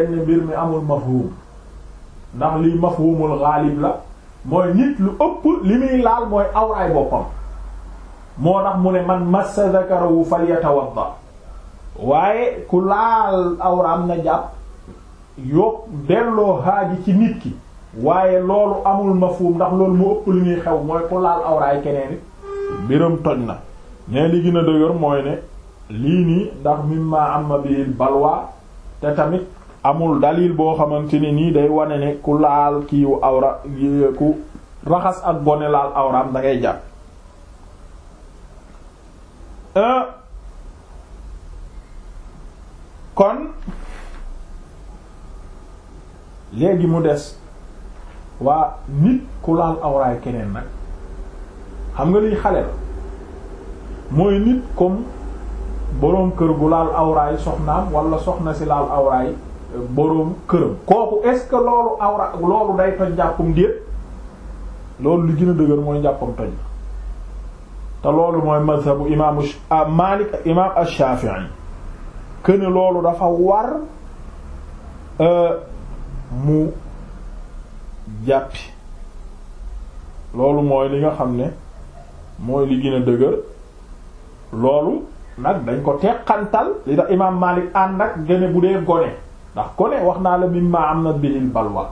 leen mbir mi amul mafhum ndax liy mafhumul xaalib la mooy nit lu ëpp li muy laal mooy awraay boppam moo tax mu ne man massa zakarahu falyatawadda waaye ku laal awraam na jàpp yóp delloo ci nit ki waaye loolu amul mafhum ndax loolu mu ëpp li muy xew mooy ku laal awraay keneen it toj na ne li gën a dëgër mooy ne lii nii ndax mimma amma bil balwa te tamit amul dalil boo xamante ne nii day wane ne ku laal kiiwu awra ku raxas ak bone laal awraam da ngay jàpp euh, kon léegi mu des waa nit ku laal awraay keneen nag xam nga liy xale la mooy nit comme boroom kër gu laal awraay soxnaam walla soxna si laal awraay boroom këram kooku est-ce que loolu awra loolu day toj njàppum déet loolu li gën a dëgër mooy njàppam toj te loolu mooy mazhabu imaam ah, Maalik ak imaam Shaafi'i këne loolu dafa war euh, mu jàppi loolu mooy li nga xam ne mooy li gën a dëgër loolu nag dañ ko teqantal li tax imaam Maalik ànd ak gëne bu dee gone ndax ku ne wax naa la mimma am na bilil balwa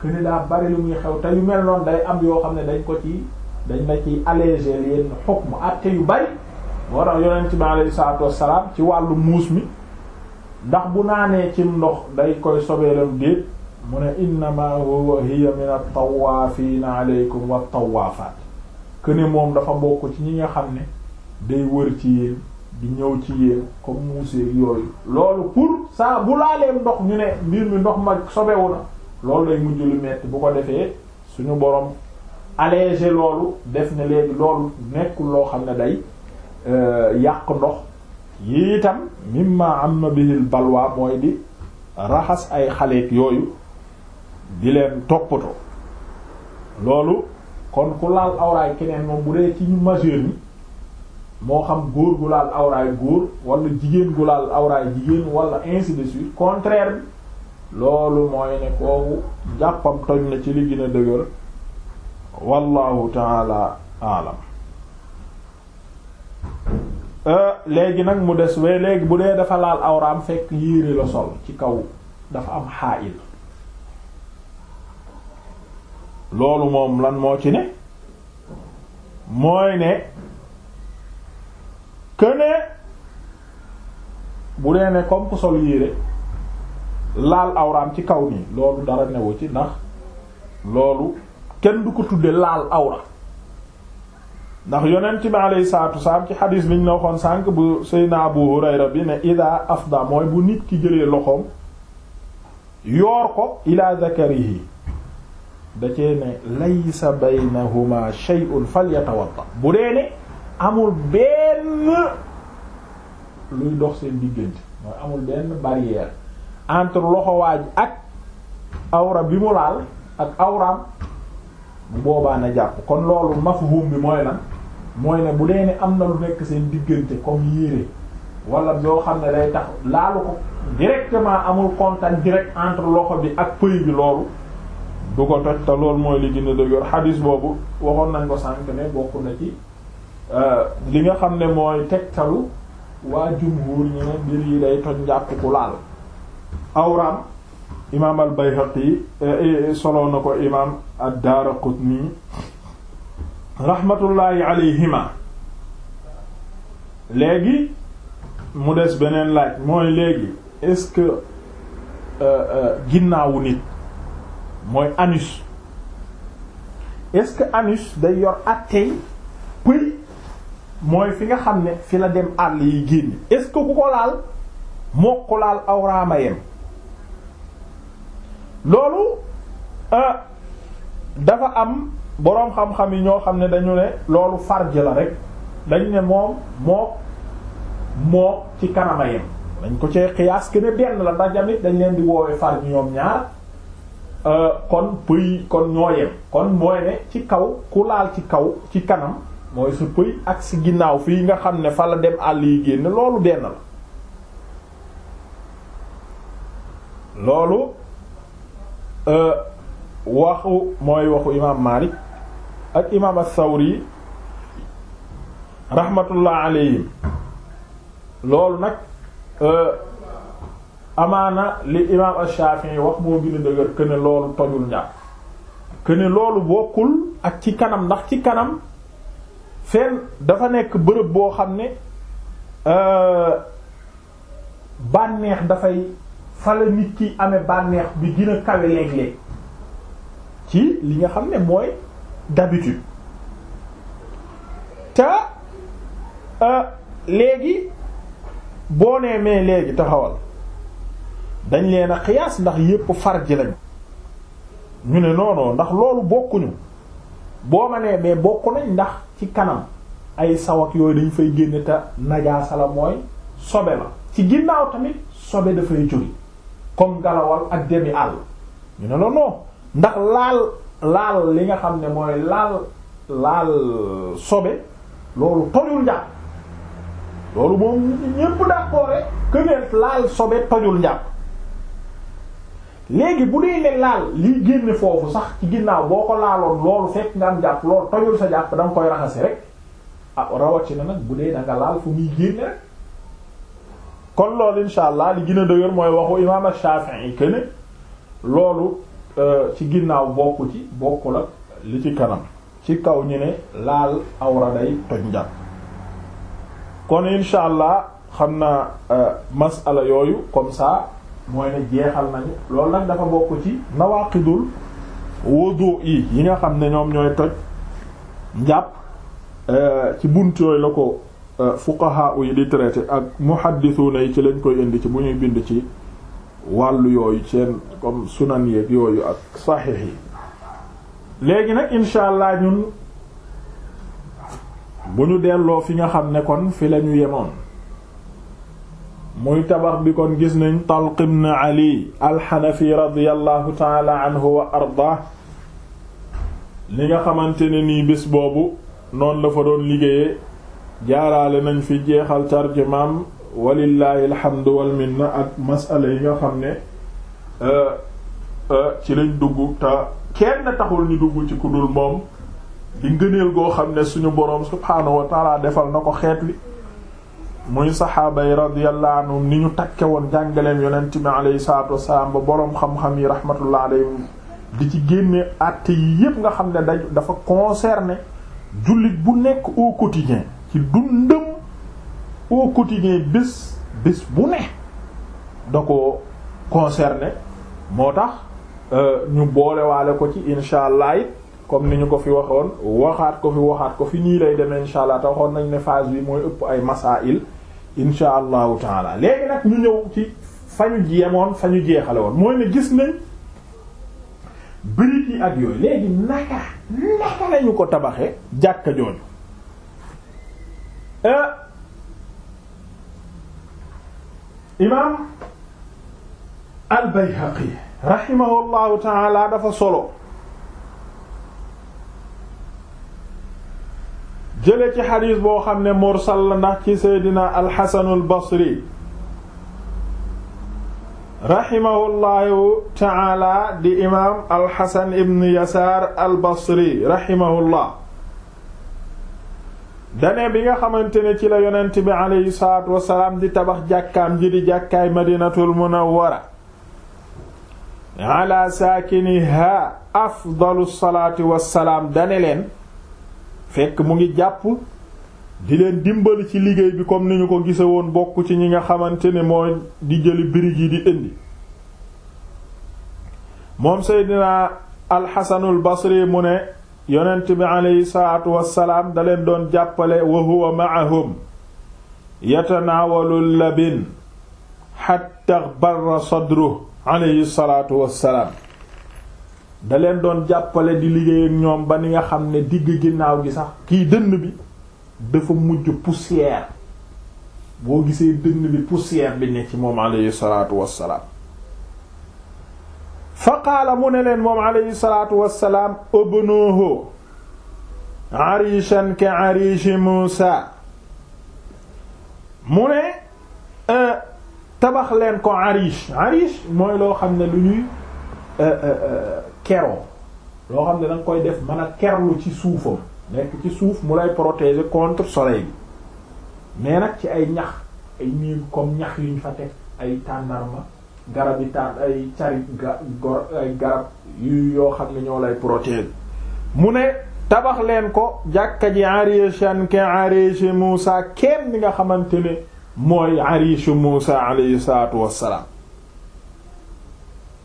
këne daa bari lu muy xew te yu mel noonu day am yoo xam ne dañ ko ci dañ la ci alléger yenn xukm àtte yu bari moo tax yonent bi alayhi salaatu ci wàllu muus mi ndax bu naanee cim ndox day koy sobeelam déet mu ne innama huwa hiya aleykum wat-tawaafaat këne moom dafa bokk ci ñi nga xam ne day wër ci yéen di ñëw ci yéen comme muusee yooyu loolu pour saa bu laalee ndox ñu ne mbir mi ndox mag sobewu na loolu lay mujj lu metti bu ko defee suñu borom allégé loolu def na léegi loolu nekkul loo xam ne day euh, yàq ndox yi itam mimma amma bihil balwa mooy di raxas ay xaleek yooyu di leen toppatoo loolu kon ku laal awraay keneen moom bu dee ci ñu majeur yi moo xam góor gu laal awraay góor walla jigéen gu laal awraay jigéen wala ainsi de suite contraire bi loolu mooy ne kooku jàppam toj na ci li gën a dëgër wallahu taala alam euh, léegi nag mu des we léegi bu dee dafa laal awraam fekk yéere la sol ci kaw dafa am xaayil loolu moom lan moo ci ne mooy ne këne bu dee ne comme ku sol yére laal awraam ci kaw nii loolu dara newu ci ndax loolu kenn du ko tudde laal awra ndax yonent bi alayhi saatu wasalaam ci xadiis bi ñu la sànq bu Seydina Abu Hurayra bi ne ida afda mooy bu nit ki jëlee loxoom yoor ko ila zakarihi da cee ne laysa baynahuma shay'un falyatawadda bu dee ne amul benn luy dox seen diggante mooy amul benn barrière entre loxowaaj ak awra bi mu laal ak awraam bu boobaa na jàpp kon loolu mafhum bi mooy lan mooy ne bu dee ne am na lu nekk seen diggante comme yére wala yoo xam ne day tax laalu ko directement amul contact direct entre loxo bi ak pëy bi loolu du ko toj te loolu mooy li gën a dëgër xadis boobu waxoon nañ ko sànk ne bokk na ci Euh, li nga xam ne mooy tegtalu waa jumhur ñi ne mbir yi day toj njàpp ku laal awraam imaam al bayhaqi eh, eh, soloo na ko imaam ad daaraqutni rahmatullahi alayhima léegi mu des beneen laaj mooy léegi est-ce que euh, euh, ginnaawu nit mooy anus est-ce que anus day yor attey pëy mooy fi nga xam ne fi la dem àll yi génn est-ce que ku ko laal moo ko laal awraama yem loolu euh, dafa am boroom xam-xam yi ñoo xam ne dañu ne loolu farj la rek dañ ne moom moo moo ci kanama yem dañ ko cee xiyaas que ne benn la ndax jamit dañ leen di woowee farj ñoom ñaar euh, kon pëy kon ñoo yem kon mooy ne ci kaw ku laal ci kaw ci kanam mooy su ak si ginnaaw fii nga xam ne fa la dem àll yi génn loolu benn loolu euh, waxu mooy waxu imaam Maalik ak imaam as-Sawri rahmatullah alayhim loolu nag euh, amaana li imaam as-Shafi'i wax moo gën dëgër que loolu tojul ñàkk que loolu bokkul ak ci kanam ndax ci kanam fen dafa nekk bërëb boo xam ne euh, bànneex dafay fala nit ki amee bànneex bi dina kawe léeg ci li nga xam ne mooy d'habitude te euh, léegi boo nee mais léegi taxawal dañ leen a xiyaas ndax yépp far ji lañ ñu ne non ndax loolu bokkuñu boo ma nee mais bokku nañ ndax ci kanam ay sawak yooyu dañ fay génne te najaasa la mooy sobe la ci ginnaaw tamit sobe dafay jóge comme galawal ak demi àll ñu ne la non ndax laal laal li nga xam ne mooy laal laal sobe loolu tojul njàpp loolu moom ñépp d'accord que ne laal sobe tojul njàpp léegi bu dee ne laal liy génne foofu sax ci ginnaaw boo ko laaloon loolu fekk nga am jàpp loolu tojul sa jàpp da koy raxasi rek ah rawatina nag bu dee da nga laal fu muy génne rek kon loolu insha allah mooy waxu imaam loolu euh, ci ginnaaw bokku ci bokkul ak li ci kanam ci kaw ñu ne laal awra day toj njàpp kon insha allah xam naa euh, masala yooyu comme ça mooy ne jeexal nañu loolu nag dafa bokk ci nawaqidul wudu yi yi nga xam ne ñoom ñooy toj njàpp euh, ci bunt yooyu la ko euh, fuqaha yi di traité ak muhaddisuna yi ci lañ koy indi ci bu ñuy bind ci wàll yooyu seen comme sunan yeeg yooyu ak saxiix yi léegi nag insha allah ñun bu ñu delloo fi nga xam ne kon fi la ñu yemoon muy tabax bi kon gis nañ Talq ibn Ali alxanafi radiallahu taala anhu wa arda li nga xamante ne nii bis boobu noonu la fa doon liggéeyee jaaraale nañ fi jeexal tarjumaam walillaahi alhamdu wal minna ak masala yi nga xam ne euh, euh, ci lañ dugg te kenn taxul ñu dugg ci ku dul moom di ngëneel goo xam ne suñu boroom subhaanahu wa defal na ko xeet wi muy saxaaba yi radiyallahu ni ñu takke woon jàngaleem yonent bi alayhi salaatu wassalaam ba boroom xam-xam yi rahmatullah alayhim di ci génne àtte yi yépp nga xam ne daj dafa concerné jullit bu nekk au quotidien ci dundam au quotidien bés bés bu ne da ko concerné moo tax euh, ñu boolewaale ko ci insha allah it comme ni ñu ko fi waxoon waxaat ko fi waxaat ko fi nii lay demee insha allah te waxoon nañ ne phase bi mooy ëpp ay masail insha allahu taala léegi nag ñu ñëw ci fañu jeemoon fañu jeexale woon mooy ne gis nañ briques yi ak yooyu léegi naka naka lañu ko tabaxee jàkka jooju euh, imaam al Bayhaqi rahimahullahu taala dafa solo jële ci xadiis boo xam ne mursal la ndax ci seydina alxasanul basri raximahullahu taala di imaam alxasan ibn yasaar al basri raximahullah dane bi nga xamante ne ci la yonent bi aleyhi salaatu wasalaam di tabax jàkkaam ji di jàkkaay madinatul munawwara ala saakiniha afdalu salaati wassalaam dane leen fekk mu ngi jàpp di leen dimbali ci liggéey bi comme niñu ko gise woon bokk ci ñi nga xamante ne mooy di jëli birig yi di indi moom seydinaa alxasanul basri mu ne yonent bi aleyhi salaatu wassalaam da leen doon jàppale wa huwa ma'ahum yatanaawalu labin xatta barra sadru aleyhi salaatu wassalaam da leen doon jàppale di liggéey ñoom ba ni nga xam ne digg ginnaaw gi sax kii dënn bi dafa mujj poussière boo gisee dënn bi poussière bi ne ci moom alayhi salaatu wassalaam fa qaala mu ne leen moom alayhi salaatu wassalaam abnuhu arishan ka arishi Muusa mu ne tabax leen ko arish arish mooy loo xam ne lu ñuy keroo loo xam ne da koy def mën a kerlu ci suufam nekk ci suuf mu lay protéger contre soleil bi mais nag ci ay ñax ay niir comme ñax yuñ fa teg ay tàndarma garab yi tàn ay cari garab yoo xam ne ñoo lay protéger mu ne tabax leen ko jàkka ji arishan ke arishi Musa kenn ni nga xamante ne mooy arishi Musa alayhi salaatu wassalaam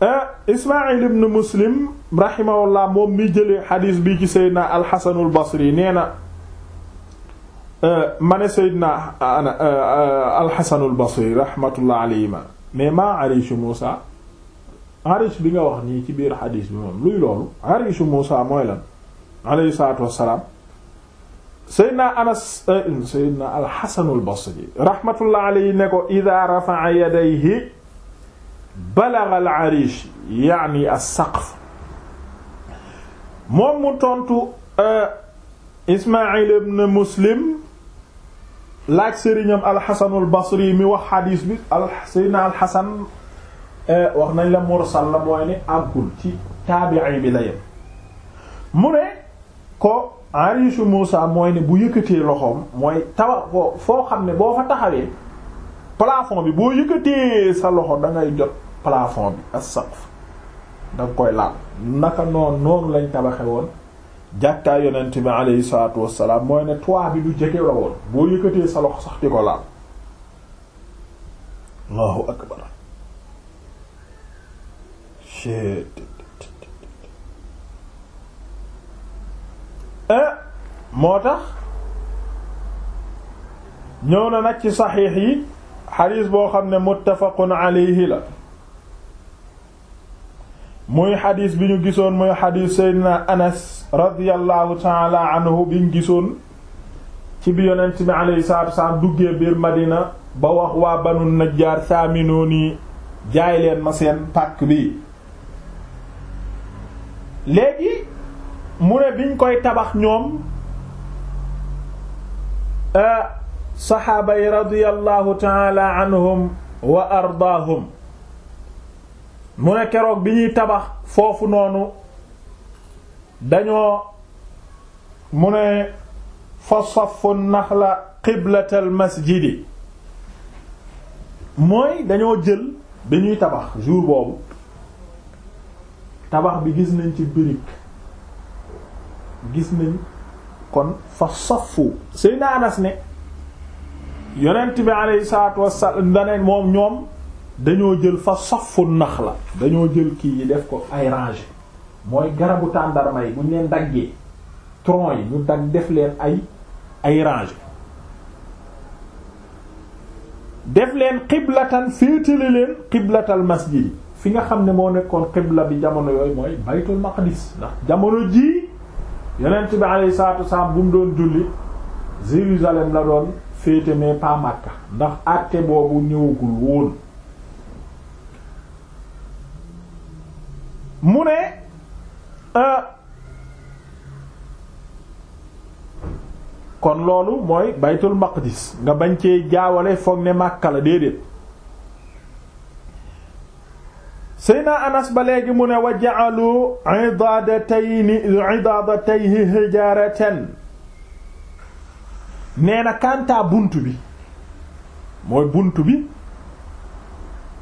Ah, Ismaïl ibn Muslim rahimahullah moom mi jëlee xadiis bi ci Seydina Alxasanul Basri nee na ah, ma ne Seydina ah, Alxasanul Basri rahmatullah alayhima mais maa arichu Muusa arichu bi nga wax nii ci biir xadiis bi moom luy loolu arichu Muusa mooy lan alayhi salaatu wassalaam Seydina Anas eh, Seydina Alxasanul Basri rahmatullah alayhi ne ko idaa rafa'a yadayhi balagha al-arish yaani as-saqf moom mu tontu euh, Ismaïl ibn Muslim laaj sëriñam al al-Basri mi wax xadiis bi Seydina al-Hasan euh, wax nañ la mursal la mooy ne àggul ci taabi'i bi la yem mu ne ko arichu Muusa mooy ne bu yëkkatee loxoom mooy tawa ko foo xam ne boo fa taxawee plafond bi boo yëkkatee sa loxo da ngay jot plafond bi as saqf da nga koy laal naka noonu noonu lañ tabaxe woon jàkkaa yonent bi aleyhi salaatu wassalaam mooy ne toit bi du jege la woon boo yëkkatee sa sax di ko laal allahu akbar eh, moo tax ñëw na nag ci saxiix yi xadiis boo xam ne muttafaqun alayhi la muy xadis bi ñu gisoon muy xadis seydina anas radiallahu taala bi ñu gisoon ci bi yonent bi alayhi salaatu wasalaam duggee biir madina ba wax waa banu najjaar saaminooni jaay leen ma seen pàkk bi léegi mu ne biñ koy tabax ñoom euh, saxaaba yi radiallahu taala anhum wa ardaahum mu ne keroog bi ñuy tabax foofu noonu dañoo mu ne fa safu naxla qiblatal masjidi mooy dañoo jël bi ñuy tabax jour boobu tabax bi gis nañ ci brique gis nañ kon fa safu Seydina Anas ne yonent bi alayhi salaatu wasalaam dane moom ñoom dañoo jël fa safu nax la dañoo jël kii yi def ko ay rangées mooy garabu tàndarma yi bu ñu leen daggee tronc yi ñu dagg def leen ay ay rangées def leen qiblatan féetale leen qiblatal masjid yi fi nga xam ne moo nekkoon qibla bi jamono yooyu mooy baytul maqdis ndax jamono jii yonent bi alayhi salaatu wasalaam bu mu doon julli Jérusalem la doon féete mais pas Makka ndax àtte boobu ñëwagul woon mu ne euh, kon loolu mooy baytul maqdis nga bañ cee jaawale foog ne Makka la déedéet Seyna Anas ba léegi mu ne wa ja'alu idaadatayni idaadatayhi hijaratan nee na kanta bunt bi mooy bunt bi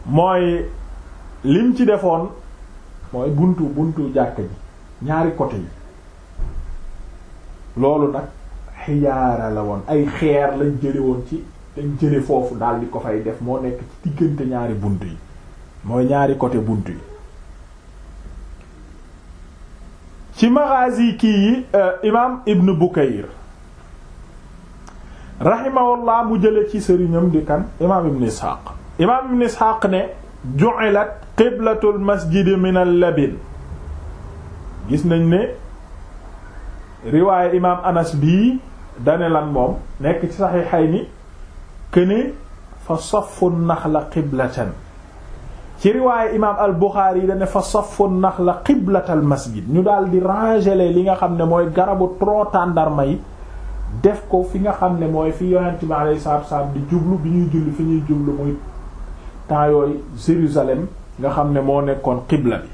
mooy lim ci defoon mooy buntu buntu jàkk ji ñaari côté yi loolu nag xiyaara la woon ay xeer lañ jële woon ci dañ jële foofu daal di ko fay def moo nekk ci diggante ñaari bunt yi mooy ñaari côté bunt yi ci maghazi kii yi euh, imaam ibn Bukayr rahimahullah mu jële ci sëriñam di kan imaam ibn Ishaq imaam ibn Ishaq ne ju'ilat qiblatul masjidi min al-labin gis nañ ne riwaaye imaam anas bii dane lan moom nekk ci saxiixayni këne fa saffu naxla qiblatan ci riwaaye imaam al buxaari yi dane fa saffu naxla qiblatal masjid ñu dal di rangele li nga xam ne mooy garabu trop tàndarma yi def ko fi nga xam ne mooy fi yonent bi alayhi salaatu wa salaam di jublu bi ñuy julli fi ñuy jublu muy temps yooyu Jérusalem nga xam ne moo nekkoon xibla bi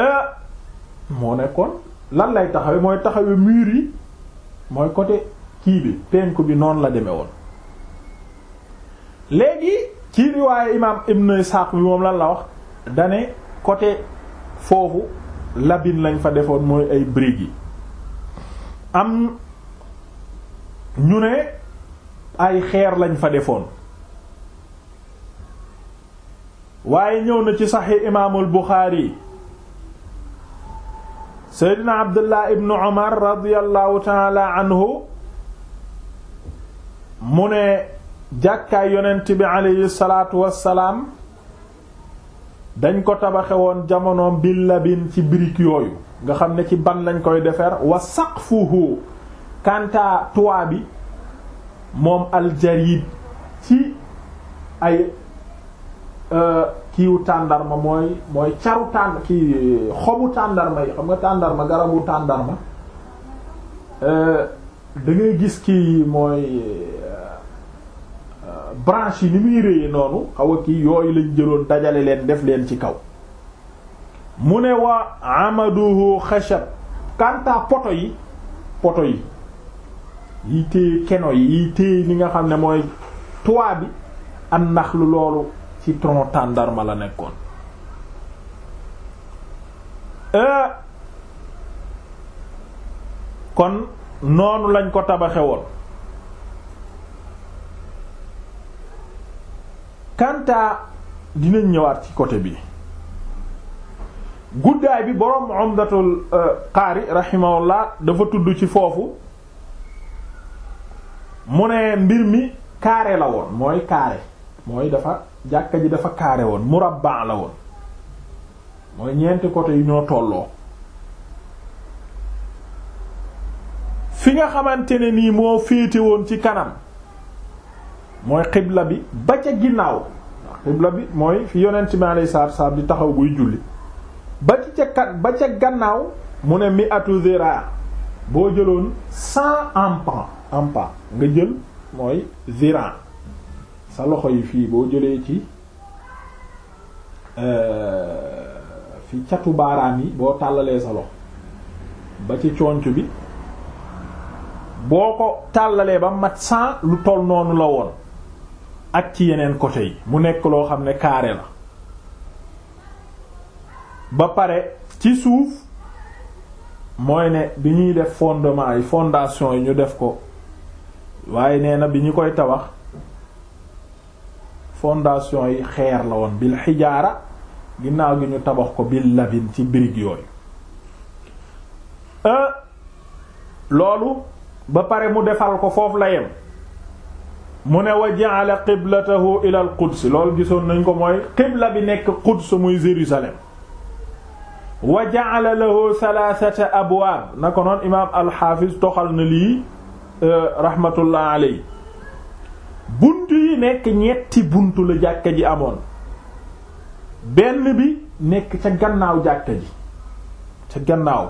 euh, moo nekkoon lan lay taxawe mooy taxawe mur yi mooy côté kii bi bi noonu la demee woon léegi ci riwaaye imaam Ibn Isaaq bi moom lan la wax dane côté foofu labin lañ fa defoon mooy ay briques yi am ñu ne ay xeer lañ fa defoon waaye ñëw na ci saxi imaamul Buxaari seydina abdullah ibnu omar radiallahu taala anhu mu ne jàkkaay yonent bi aleyhi salaatu wassalaam dañ ko tabaxe woon jamono bil labin ci brique yooyu nga xam ne ci ban lañ koy defar wa saqfuhu kanta tuwaa bi moom aljarid ci ay Euh, kiiwu tàndarma mooy mooy caru tànd kii xobu tàndarma yi xam nga tàndarma garabu tàndarma euh, da gis kii mooy euh, branche yi ni muy réye noonu xaw a kii yooyu lañ jëloon dajale leen def leen ci kaw mu ne wa amaduhu xashab kanta poto yi poto yi yi téye keno yi yi téye li nga xam ne mooy toit bi an naxlu loolu ci tronc tàndarma la nekkoon euh, kon noonu lañ ko tabaxe woon kantaa dinañ ñëwaat ci côté bi guddaay bi boroom umdatul euh, qaari rahimahullah dafa tudd ci foofu mu ne mbir mi carré la woon mooy carré mooy dafa jàkka ji dafa carré woon murabba la woon mooy ñeenti côté yi ñoo tolloo fi nga xamante ne nii moo féete woon ci kanam mooy xibla bi ba ca ginnaaw xibla bi mooy fi yonent mi alayhi salaatu salaam di taxaw buy julli ba ca kat ba ca gannaaw mu ne mi atu zira boo jëloon cent empan empan nga jël mooy zira sa loxo yi fii boo jëlee ci euh, fi catu baaraam yi boo tàllalee sa loxo ba ci conc bi boo ko tàllalee ba mat cent lu toll noonu la woon ak ci yeneen côté yi mu nekk loo xam ne carré la ba pare ci suuf mooy ne bi ñuy def fondement yi fondation yi ñu def ko waaye nee na bi ñu koy tabax fondation yi xeer la woon bil xijaara ginnaaw gi ñu tabax ko bil labin ci brique yooyu euh, loolu ba pare mu defal ko foofu la yem mu ne wa ja'ala qiblatahu ila quds loolu gisoon nañ ko mooy qibla bi nekk quds muy Jérusalem wa ja'ala lahu thalathata abwaab na ko noon imaam alxaafis toxal na lii euh, rahmatullah alayhi buntu yi nekk ñetti buntu la jàkka ji amoon benn bi nekk ca gannaaw jàkka ji ca gannaaw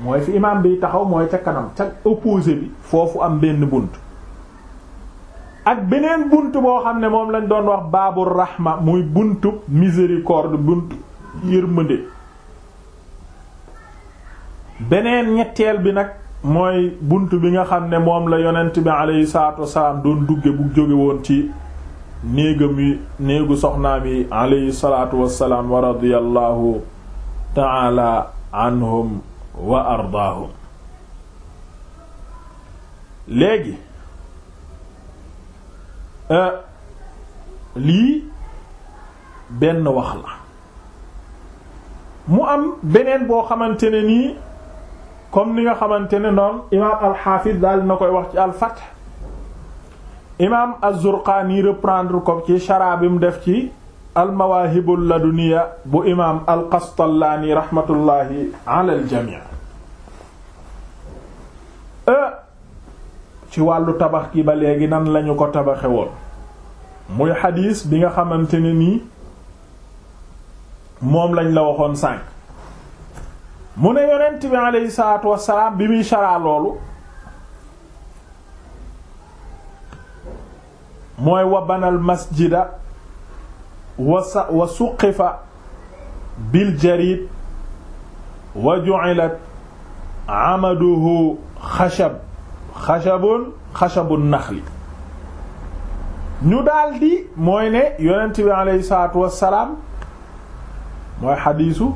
mooy fi imaam bi taxaw mooy ca kanam ca opposé bi foofu am benn bunt ak beneen bunt boo xam ne moom lañ doon wax baabu rahma muy buntu miséricorde buntu yërmande beneen ñetteel bi nag mooy bunt bi nga xam ne moom la yonent bi aleyhi salaatu wasalaam doon dugge bu jóge woon ci néegam yi néegu soxnaam yi aleyhi salaatu wasalaam wa radiyallahu taala anhum wa ardaahum léegi euh, lii benn wax la mu am beneen boo xamante ne nii comme ni nga xamante ne noonu imaam alxaafis daal na koy wax ci alfath imaam az-Zurqaani reprendre ko ci shara bi mu def ci almawaahibul laduniya bu imaam al-Qastallaani raxmatullaahi alal jamii euh, ci wàllu tabax gi ba léegi nan lañu ko tabaxe woon muy xadiis bi nga xamante ne nii moom lañ la waxoon sànq mu ne yonent bi aleyhi salaatu wassalaam bi muy sharaa loolu mooy wa banal masjida wa sa wa suqifa bil jarid wa ju'ilat amaduhu xashab xashabun xashabun naxli ñu daldi mooy ne yonent bi aleyhi salaatu wassalaam mooy xadiisu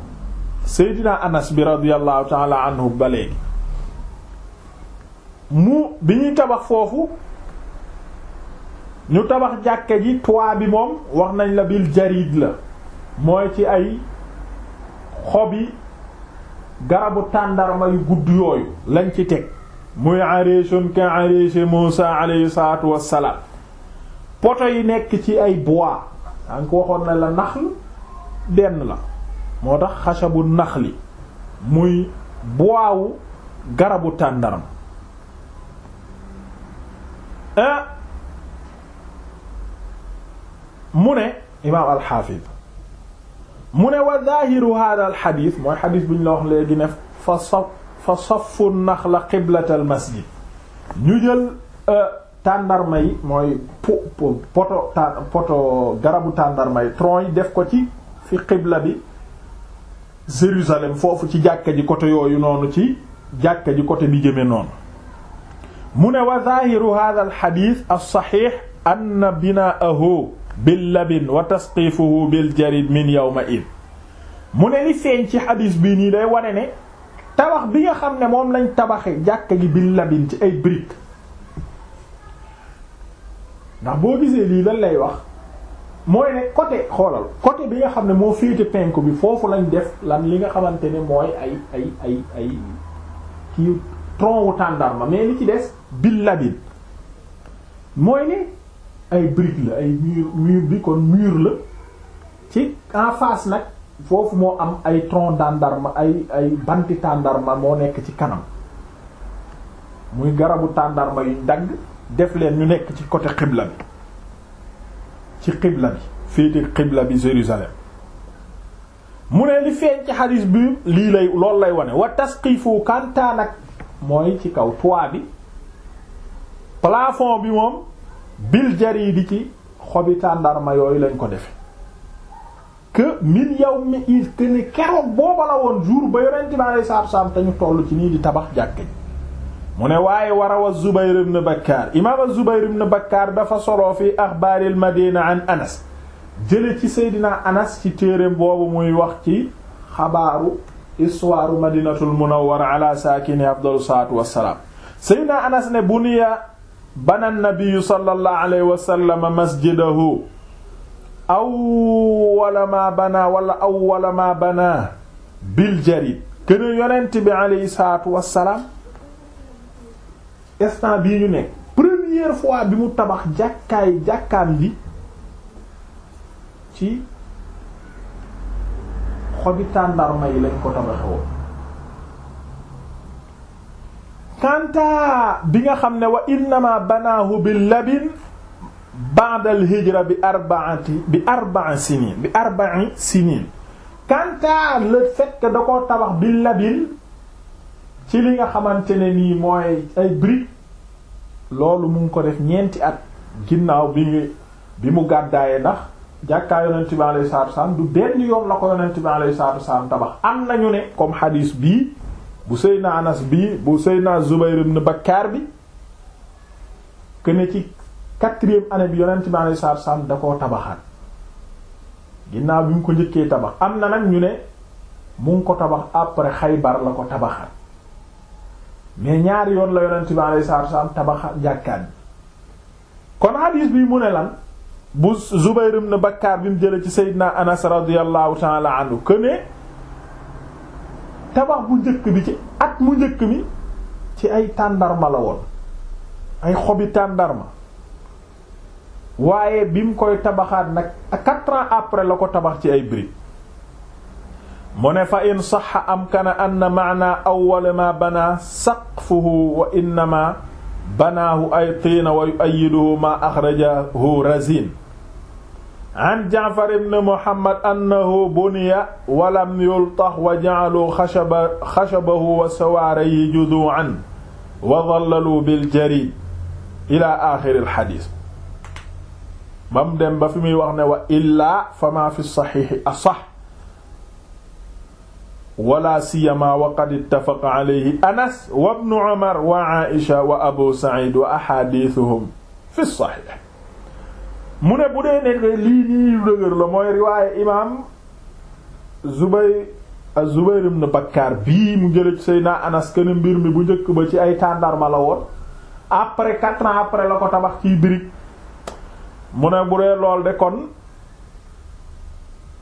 seydina anas bi radiallahu taala anhu ba léegi mu bi ñuy tabax foofu ñu tabax jàkke ji toit bi moom wax nañ la bil jarid la mooy ci ay xobi yi garabu tàndarma yu gudd yooyu lañ ci teg muy arishun ka arishi Musa alayhi salatu wassalam poto yi nekk ci ay bois daa nga waxoon na la naxl denn la moo tax xasabu naxli muy bu boawu garabu tàndaram ah mu ne imaam alxaafid mu ne wa zahiru hada alxadis mooy xadis bi ñu la wax léegi ne fa saf fa safu naxla qiblata al ñu jël euh, tàndarma yi mooy poto garabu tàndarma yi tronc def ko ci fi qibla bi Jérusalem foofu ci jàkka ji côté yooyu noonu ci jàkka ji côté bi jëme noonu mu ne wa zahiru hadha al hadith as-sahih anna binaahu bil labin wa tasqifuhu bil jarid yawma id mu ne li feeñ ci hadith bii nii day wane ne tabax bi nga xam ne moom lañ tabaxe jàkka ji bil labin ci ay briques ndax boo gisee lii lan lay wax mooy ne côté xoolal côté bi nga xam ne moo féete penku bi foofu lañ def lan li nga xamante ne mooy ay ay ay ay kii tronc wu tàndarma mais li ci des bil ladin mooy ne ay brique la ay mur mur bi kon mur la ci en face nag foofu moo am ay tronc tàndarma ay ay banti tàndarma moo nekk ci kanam muy garabu tàndarma yuñ dagg def leen ñu nekk ci côté xibla bi ci xibla bi féete xibla bi Jérusalem mu ne di feeñ ci xadis bi lii lay lool lay wane wa tasqifu kantaan ak mooy ci kaw toit bi plafond bi moom bil jari di ci xobi tàndarma yooyu lañ ko defe que min yow mi is te ni keroog booba la woon jour ba yonenti ba alei saatu salaam te ñu toll ci nii di tabax jàkk ji mu ne waaye warawa Zubayr ibn Bakkaar imaam Zubayr ibn Bakkaar dafa soloo fi axbaaril madina an Anas jële ci Seydina Anas ci téereem boobu muy wax ci xabaaru histoire madinatul munawwara ala saakini afdalu salaatu wassalaam Seydina Anas ne buniya bana nabiyu sallallahu alayhi wa sallam masjidahu awwala ma bana wala awwala ma bana bil jarid kën yonent bi alayhi salaatu wassalaam instant bii ñu nekk première fois bi mu tabax jàkkaay jàkkaam ji ci xobi tàndarma yi lañ ko tabaxewoon kanta bi nga xam ne wa innama banaahu bil labin ba'da hijra bi arba'ati bi arba'a sinin bi arba'i sinin kanta le fait da ko tabax bil labin ci li nga xamante ne nii mooy ay brique loolu mu ngi ko def ñeenti at ginnaaw bi ngi bi mu gàddaayee ndax jàkkaa yonent bi alayhi salaatu wasalaam du benn yoon la ko yonent bi alayhi salaatu wasalaam tabax am ñu ne comme hadis bii bu Seydina Anas bii bu Seydina Zubayr ibn Bakkar bi que ne ci quatrième année bi yonent bi alayhi salaatu wasalaam da koo tabaxaat ginnaaw bi mu ko njëkkee tabax am na nag ñu ne mu ko tabax après Xaybar la ko tabaxaat mais ñaari yoon la yonent bi alayhi salaatu wasallam tabax jàkkaat kon hadis bi mu ne lan bu Zubayr na Bakkaar bi mu jële ci seydna Anas radiyallahu ta'ala anhu que tabax bu njëkk bi ci at mu njëkk bi ci ay tàndarma la woon ay xobi tàndarma waaye bi mu koy tabaxaat nag quatre ans après la ko tabax ci ay briques mu ne fa in saxa amkana anna maana awwal ma banaa saqfuhu wa innama banaahu ay tiina wa yu'ayyiduhu ma axrajahu razin an jaafar ibn muhammad annahu buniya walam yultax wa ja'alu xashaba xashabahu wa sawaarihi judu'an wa dallalu bil jarid ila axiril xadiis ba mu dem ba fi muy wax ne wa illaa fa maa fi saxiixi asax wala siyama wa qad ittafaqa alayhi anas wa ibnu umar wa abu sa'id wa ahadithuhum fi sahih mu ne bu dee ne lii nii lu dëgër la mooy riwaaye imaam Zubayr az-Zubayr bii mu jële ci Anas kenn mbir mi bu njëkk ba ci ay tàndarma la woon après quatre ans après la ko tabax ciy birig mu ne bu dee lool de kon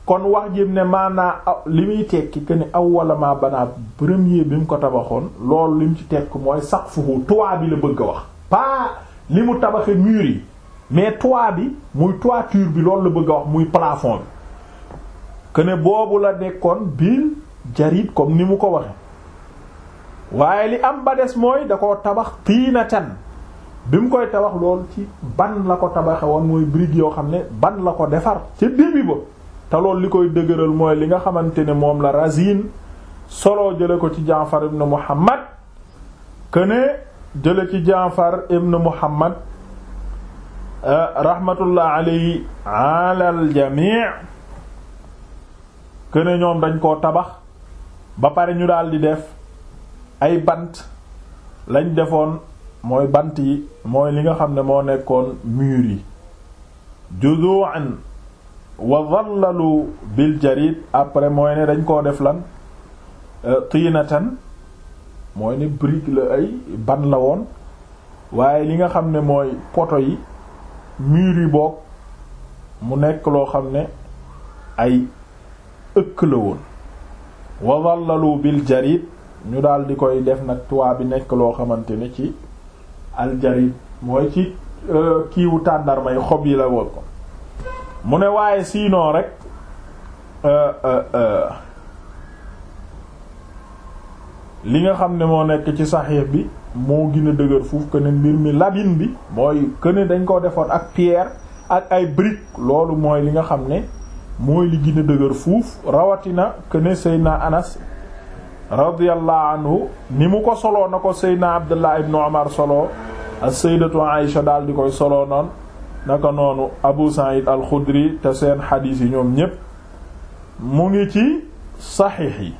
kon wax jëm ne maanaa li muy tekki que ne awwala ma banaa premier bi mu ko tabaxoon loolu li mu ci tekk mooy saqfuhu toit bi la bëgg a wax pas li mu tabaxe mur yi mais toit bi muy toiture bi loolu la bëgg a wax muy plafond bi que ne boobu la nekkoon biir jarid comme ni mu ko waxe waaye li am ba des mooy da ko tabax tiinatan bi mu koy tabax lool ci ban la ko tabaxe woon mooy brique yoo xam ne ban la ko defar ca début ba te loolu li koy dëgëral mooy li nga xamante ne moom la Razin solo jële ko ci Jaafar ibn Muhammad këne jële ci Jaafar ibn Muhammad euh, rahmatullah alayhi ala al jamii këne ñoom dañ koo tabax ba pare ñu daal di def ay bant lañ defoon mooy bant yi mooy li nga xam ne moo nekkoon mur yi juzu'an wa dhallalu bil jarid après mooy ne dañ koo def lan tiinatan euh, mooy ne brique la ay ban la woon waaye li nga xam ne mooy poto yi mur yi mu nekk loo xam ne ay ëkk la woon wa dhallalu bil jarid ñu daal di koy def nag toit bi nekk loo xamante ni ci aljarid mooy ci euh, kiiwu tàndarmay xob yi la woon ko mu ne waaye sinon rek euh, euh, euh, li nga xam ne moo nekk ci saxiix bi moo gën a dëgër fuuf que mbir mi labine bi mooy que ne dañ ko defoon ak pierre ak ay brique loolu mooy li nga xam ne mooy li gën dëgër fuuf rawatina que ne Seydina Anas radiyallahu anhu ni mu ko soloo na ko Seydina Abdullah ibnu Umar solo ak Sayyidatu Aïsha daal di koy soloo noonu naka noonu Abu Sa'id al-Khudri seen xadiis ñoom ñépp mu ngi ci saxiix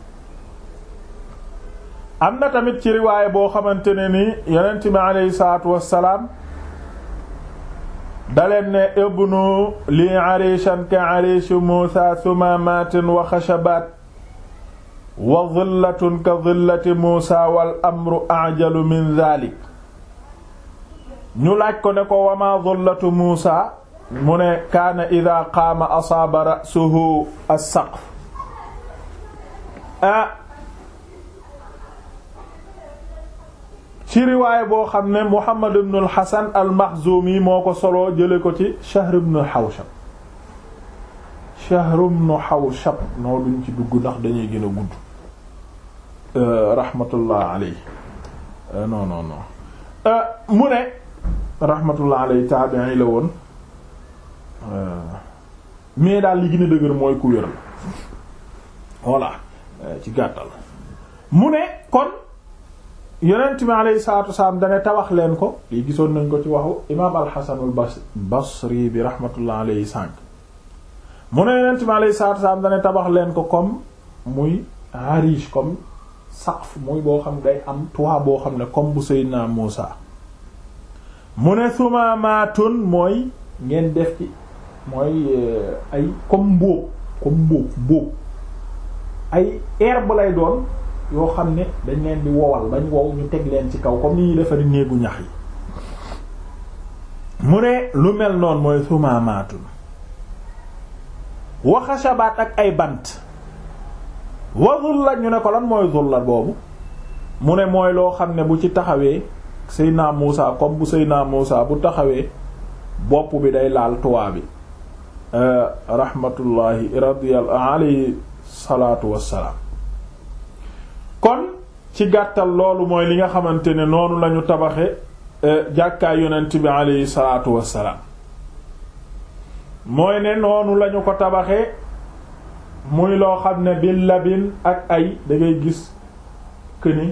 am na tamit ci riwaay boo xamante ne ni yonent bi aleyhi salaatu wassalaam daleen ne ibnu li arishan ka arishi Muusa sumamatin wa xashabaat wa dhillatun ka dhillati Muusa wal amru ajalu min dhalik ñu laaj ko ne ko wama zullatu Muusa mu ne kaana ida qaama asaaba ra'suhu as-saqf ah ci riwaay boo xam ne Muhammad ibn al-Hasan al-Makhzumi moo ko soloo jële ko ci Shahr ibn Hawshab Shahr noo duñ ci dugg ndax dañuy gën a gudd eh, rahmatullah alayhi eh, eh, mu ne rahmatullah alayhi tabi'i la woon euh, mais daal li gën a dëgër mooy ku la voilà euh, ci gàttal mu ne kon yonent mi alayhi salaatu wasalaam dane tawax leen ko lii gisoon nañ ko ci waxu imaam alxasanul basri bi rahmatullah alayhi sànq mu ne yonent mi alayhi salaatu wasalaam dane tabax leen ko kom muy harish comme saqf muy boo xam day am toit boo xam ne comme bu Seydina Muusa mu ne sumaamaatun mooy ngeen def ci mooy eh, ay comme mbóob comme mbóob mbóob ay herbe lay doon yoo xam ne dañ leen di wowal bañ wow ñu teg leen ci kaw comme ni ñuy defari néegu ñax yi mu ne lu mel noon mooy sumaamaatun wa xashabaat ak ay bant wa zulla ñu ne ko lan mooy la boobu mu ne mooy loo xam ne bu ci taxawee Seyna Muusa comme bu Seyna Muusa bu taxawee bopp bi day laal tuwaa bi euh, rahmatullahi radiyallahu alayhi salaatu wassalaam kon ci gàttal loolu mooy li nga xamante ne noonu lañu tabaxe euh, jàkkaay yonent bi alayhi salaatu wassalaam mooy ne noonu lañu ko tabaxe muy loo xam ne bi labin ak ay da gis këni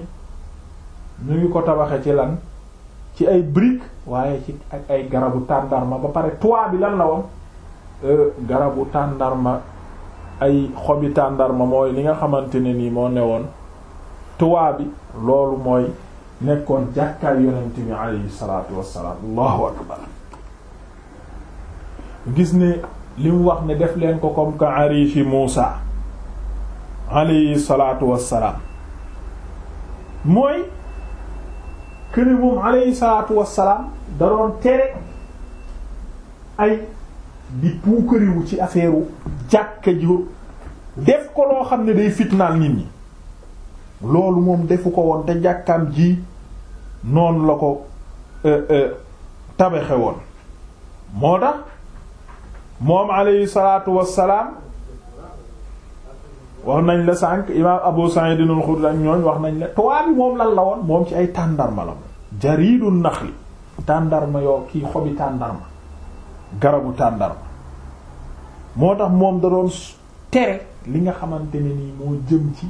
ñu ngi ko tabaxe ci lan ci ay brique waaye ci ak ay garabu tàndarma ba pare toit bi lan la woon euh, garabu tàndarma ay xobi tàndarma mooy li nga xamante ne nii moo ne woon toit bi loolu mooy nekkoon jàkkaar yonent bi alayhi salaatu wassalaam allahu akbar gis ne li mu wax ne def leen ko comme que arishi Muusa alayhi salaatu wassalaam mooy këni moom alayhi salaatu wassalaam da doon tere ay di puukariwu ci affaire u jàkka jur def ko loo xam ne day fitnaal nit ñi loolu moom defu ko woon te jàkkaam ji noonu la ko euh, euh, tabaxe woon moo tax moom alayhi salaatu wassalaam wax nañ la sànq imaam Abu Sa'id al-Khudri ak ñooñ wax nañ la toit bi moom lan la woon moom ci ay tàndarma la moom nax naxli tàndarma yoo ki xobi tàndarma garabu tàndarma moo tax moom da doon tere li nga xamante ni nii moo jëm ci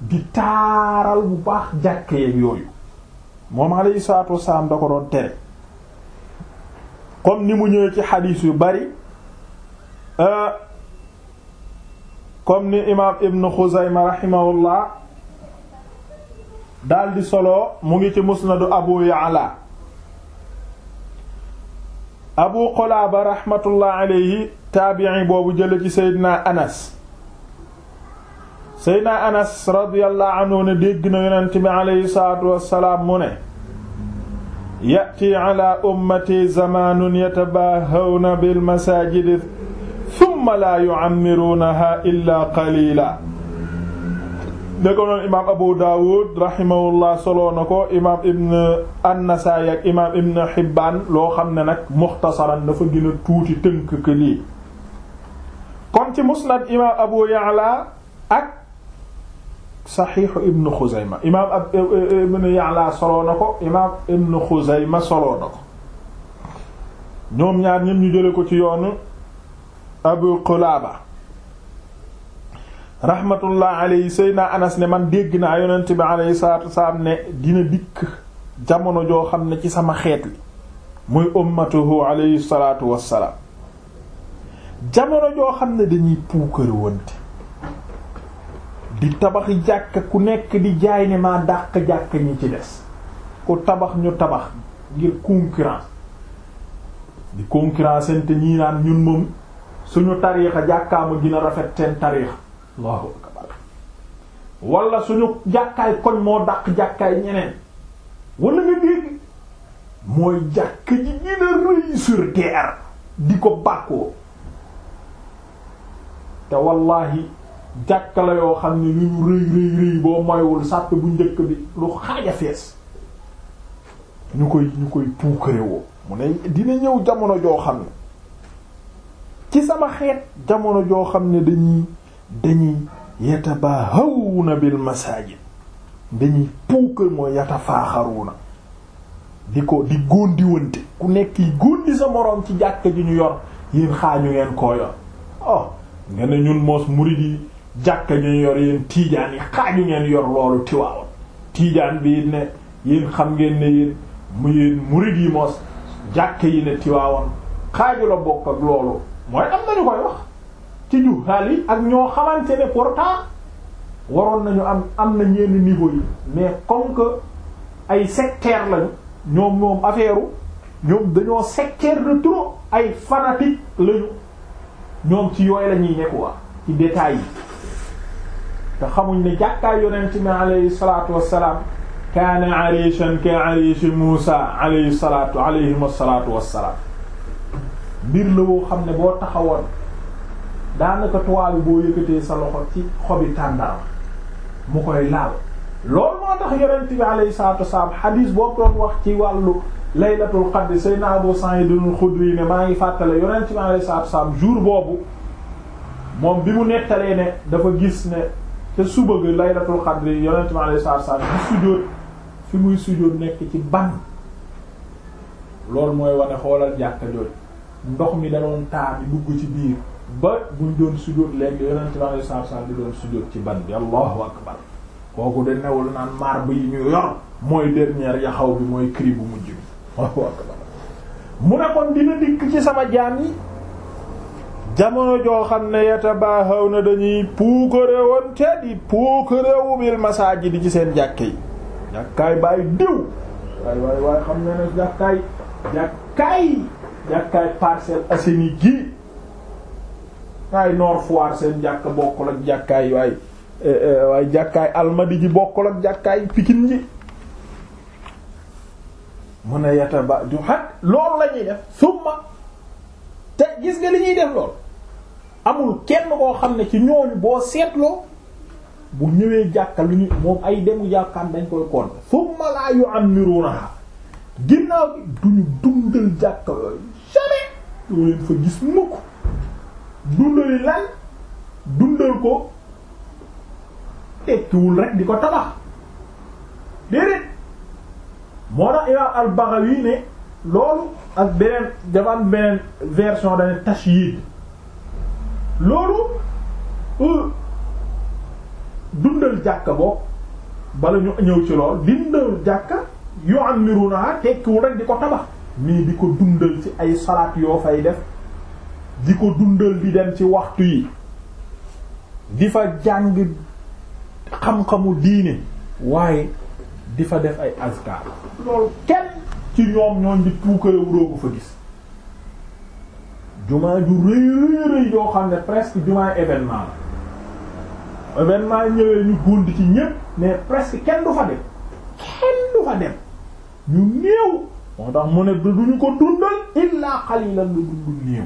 di taaral bu baax jàkk yooyu moom alayhi salaatu wassalaam da ko doon tere comme ni mu ñëwee ci xadiis yu bari euh, comme ni imaam ibn Xuzayma rahimahullah daldi solo mu ngi ci musnadu Abu Ya'la Abu Qulaaba rahmatullah alayhi taabi'i boobu jële ci Seydina Anas Seydina Anas radiyallahu anhu ne dégg na yonent bi alayhi salaatu wassalaam mu ne ya'ti ala ummati zamaanun yatabaahawna bil masaajid summa laa yu'ammiruunaha illaa qaliila da ko noon imaam Abu Daawud rahimahullah soloo na ko imaam Ibn An-Nasaa'i ak imaam Ibn Hibbaan loo xam ne nag muxtasaran dafa gën a tuuti tënk que lii kon ci musnad imaam Abu Ya'la ak saxiixu Ibn Xuzayma imaam ab e, e, e, Ibn Ya'la soloo na ko imaam Ibn Xuzayma soloo na ko ñoom ñaar ñëpp ñu jële ko ci yoonu. abu qulaaba rahmatullah alayhi seydna anas ne man dégg naa yonent bi alayhi salaatu wasalaam ne dina dikk jamono joo xam ne ci sama xeet li muy ummatuhu alayhi salaatu wasalaam jamono joo xam ne dañuy puukari di tabax jàkk ku nekk di jaay ne maa dàq jàkk ñi ci des ku tabax ñu tabax ngir concurrence di concurrence te ñii naan ñun moom suñu tariixa jàkkaama gën a rafet seen tariixa allahu suñu jàkkaay koñ moo dàq jàkkaay ñeneen wala nga dégg mooy jàkk ji gën rëy sur di ko bàkkoo te wallahi jàkka la yoo xam ni lu ñu rëy rëy rëy boo moywul sàppe bu njëkk bi lu xaaja fees ñu koy ñu koy puukarewoo mu ne dina ñëw jamono joo xam ne ci sama xeet jamono joo xam ne dañuy dañuy yatabahawna bil masajid dañuy puukal mooy yatafaaxaruna di ko di góondiwante ku nekk yi góondi sa moroom ci jàkk ji ñu yor yéen xaañu ngeen koo yor oh nga ne ñun moos murid yi jàkk ji ñu yor yéen tiijaan yi xaañu ngeen yor loolu tiwaawoon tiijaan bi ne yéen xam ngeen ne yéen mu yéen murid yi moos jàkk yi ne tiwaawoon xaaju la bokk ak loolu mooy am nañu koy wax ci juhaal yi ak ñoo xamante ne portant waroon nañu am am na ñenn niveau yi mais comme que ay sectaire lañu ñoom ñoom affaire ñoom dañoo sectaire de trop ay fanatique lañu ñoom ci yooyu la ñuy nekk waa ci détails yi te xamuñ ne jàkkaay yonent mi alayhi salaatu wassalaam kaana arishan ka arishi Muusa alayhi salaatu alayhim assalaatu wassalaam mbir la woo xam ne boo taxawoon daanaka tuwaayu boo yëkkatee sa loxo ci xobi tàndaaw mu koy laal loolu moo tax yonent bi alayhi salaatu wasalaam xadiis boo doon wax ci wàllu laylatul qadr sayna Abu Sa'id al-Khudri ne maa ngi fàttale yonent bi alayhi salaatu wasalaam jour boobu moom bi mu nettalee ne dafa gis ne te suba ga laylatul qadr yonent bi alayhi salaatu wasalaam di sujjóot fi muy sujjóot nekk ci ban loolu mooy wane xoolal jàkka jooju ndox mi da doon bugg ci biir ba buñ doon sujjóot léegi yonent bi alayhi salaatu salaam di doon sujjóot ci ban bi allahu akbar kooku de newul naan marbre yi ñu yor mooy dernière yaxaw bi mooy cri bu mujj bi allahu akbar mu ne kon dina dikk ci sama jaam yi jamono joo xam ne yatabaahaw na dañuy puukare di puukare wu bil masaajid di ci seen jàkke yi jàkkaay bàyyi diw waay waay waay xam ne ne jàkkaay jàkkaay jàkkaay Parcelles Assainies gi waaye Nord Foire seen jàkk bokkul ak jàkkaay waay eh, eh, waaye jàkkaay Almadi ji bokkul ak jàkkaay Pikine ji mun a yata ba du xat loolu la def summa te gis nga li ñuy def lool amul kenn koo xam ne ci ñooñu boo seetloo bu ñëwee jàkka lu ñu moom ay demu jàkkaan dañ koy konte summa laa yu am nirunaha ginnaaw bi duñu dundal jàkka yooyu jamais doo leen fa gis mukk dundali lan dundal ko tekkiwul rek di ko tabax déedéet moo tax imaam al-Baghawi ne loolu ak beneen dafa am beneen version dane tashyid loolu euh, dundal jàkka boobu bala ñu ñëw ci lool dindal jàkka yu am miru naa tekkiwul rek di ko tabax mais di ko dundal ci ay salaat yoo fay def di ko dundal di dem ci waxtu yi di fa jàng xam-xamu diine waaye di fa def ay azkar loolu kenn ci ñoom ñooñ di tuukarewu doogu fa gis jumaa ju rëy rëy rëy yoo xam ne presque jumaa événement la événement ñëwee ñu góndi ci ñépp mais presque kenn du fa dem kenn du fa dem ñu néew moo tax mu ne du duñu ko dundal illaa xalilan lu dundu néew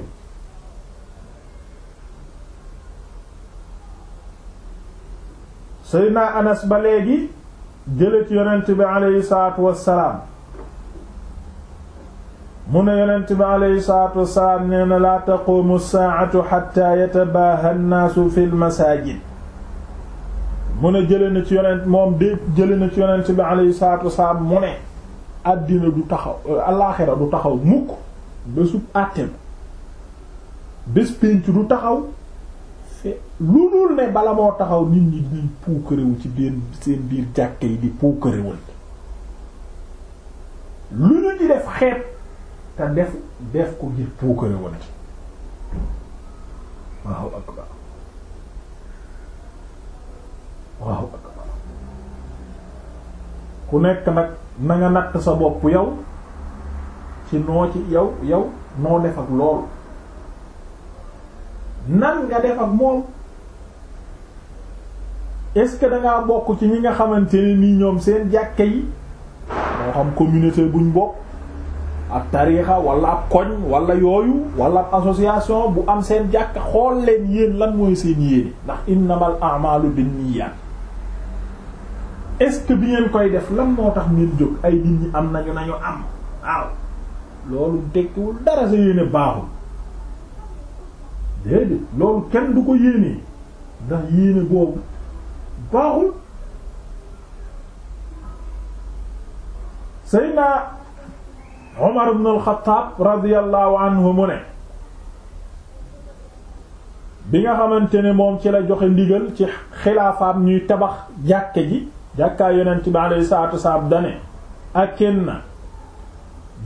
Seydina Anas ba léegi jële ci yonent bi aleyhi salaatu wassalaam mu ne yonent bi aleyhi salaatu wassalaam nee na laa taquumu saa'atu xatta yatabaaha nnaasu fil masaajid mu ne jële na ci yonent moom de jële na ci yonent bi aleyhi salaatu wassalaam mu ne àddina du taxaw alaaxira euh, du taxaw mukk bésub àtte ba bés pénc du taxaw fe lu dul ne bala moo taxaw nit ñi di puukarewu ci benn seen biir jàkke yi di puukarewul lu ñu di def xeet te def def ko ngir puukarewul waaw akbar waaw akbar ku nekk nag na nga sa bopp yow ci noo ci yow yow noo def ak loolu nan nga def ak moom est-ce que dangaa bokk ci ñi nga xamante ni nii ñoom seen jàkke yi moo xam communauté buñ bokk ab tariixa wala ab koñ walla yooyu wala ab association bu am seen jàkk xool leen yéen lan mooy seen yéene ndax bi a'malu binniyat est-ce que bi ngeen koy def lan moo tax ngeen jóg ay nit am nañu nañu am waaw loolu tekkiwul dara sa yéene baaxul déedéet loolu kenn du ko yéenee ndax yéene boobu baaxul Seydina Omar ibn al-Khattab anhu mu ne bi nga xamante ne moom ci la joxe ndigal ci xilaafaam ñuy tabax jàkke ji jàkkaay yonent bi dane akinna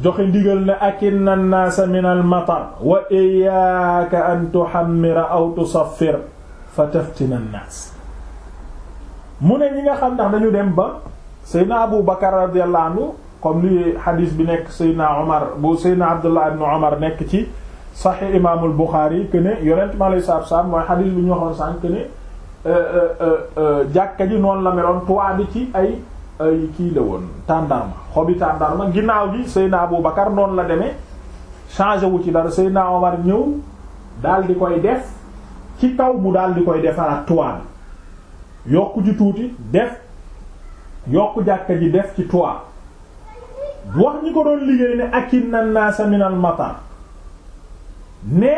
joxe ndigal ne akinna naasa min al matar wa iyaaka an tuhammira aw tusaffir fa taftina naas mu ne ñi nga xam ndax dañu dem ba seydna abu bakar radiyallahu anhu comme li hadis bi nekk seydna omar bu seydna abdullah ibn omar nekk ci saxi imaamul buxaari que ne yonent bi alayhi salaatu wasalaam bi ñu waxoon sànq que ne Euh, euh, euh, jàkka ji noonu la meloon toit bi ci ay ay kii la woon tàndarma xobi tàndarma ginnaaw gi naa Abu Bakar noonu la deme changé wu ci dara Seydina Omar ñëw dal di koy def ci kaw mu daal di koy defaraat toit bi yokk ji tuuti def yokk jàkka ji def ci toit wax ñi ko doon liggéey ne akinna naasa minal matar ne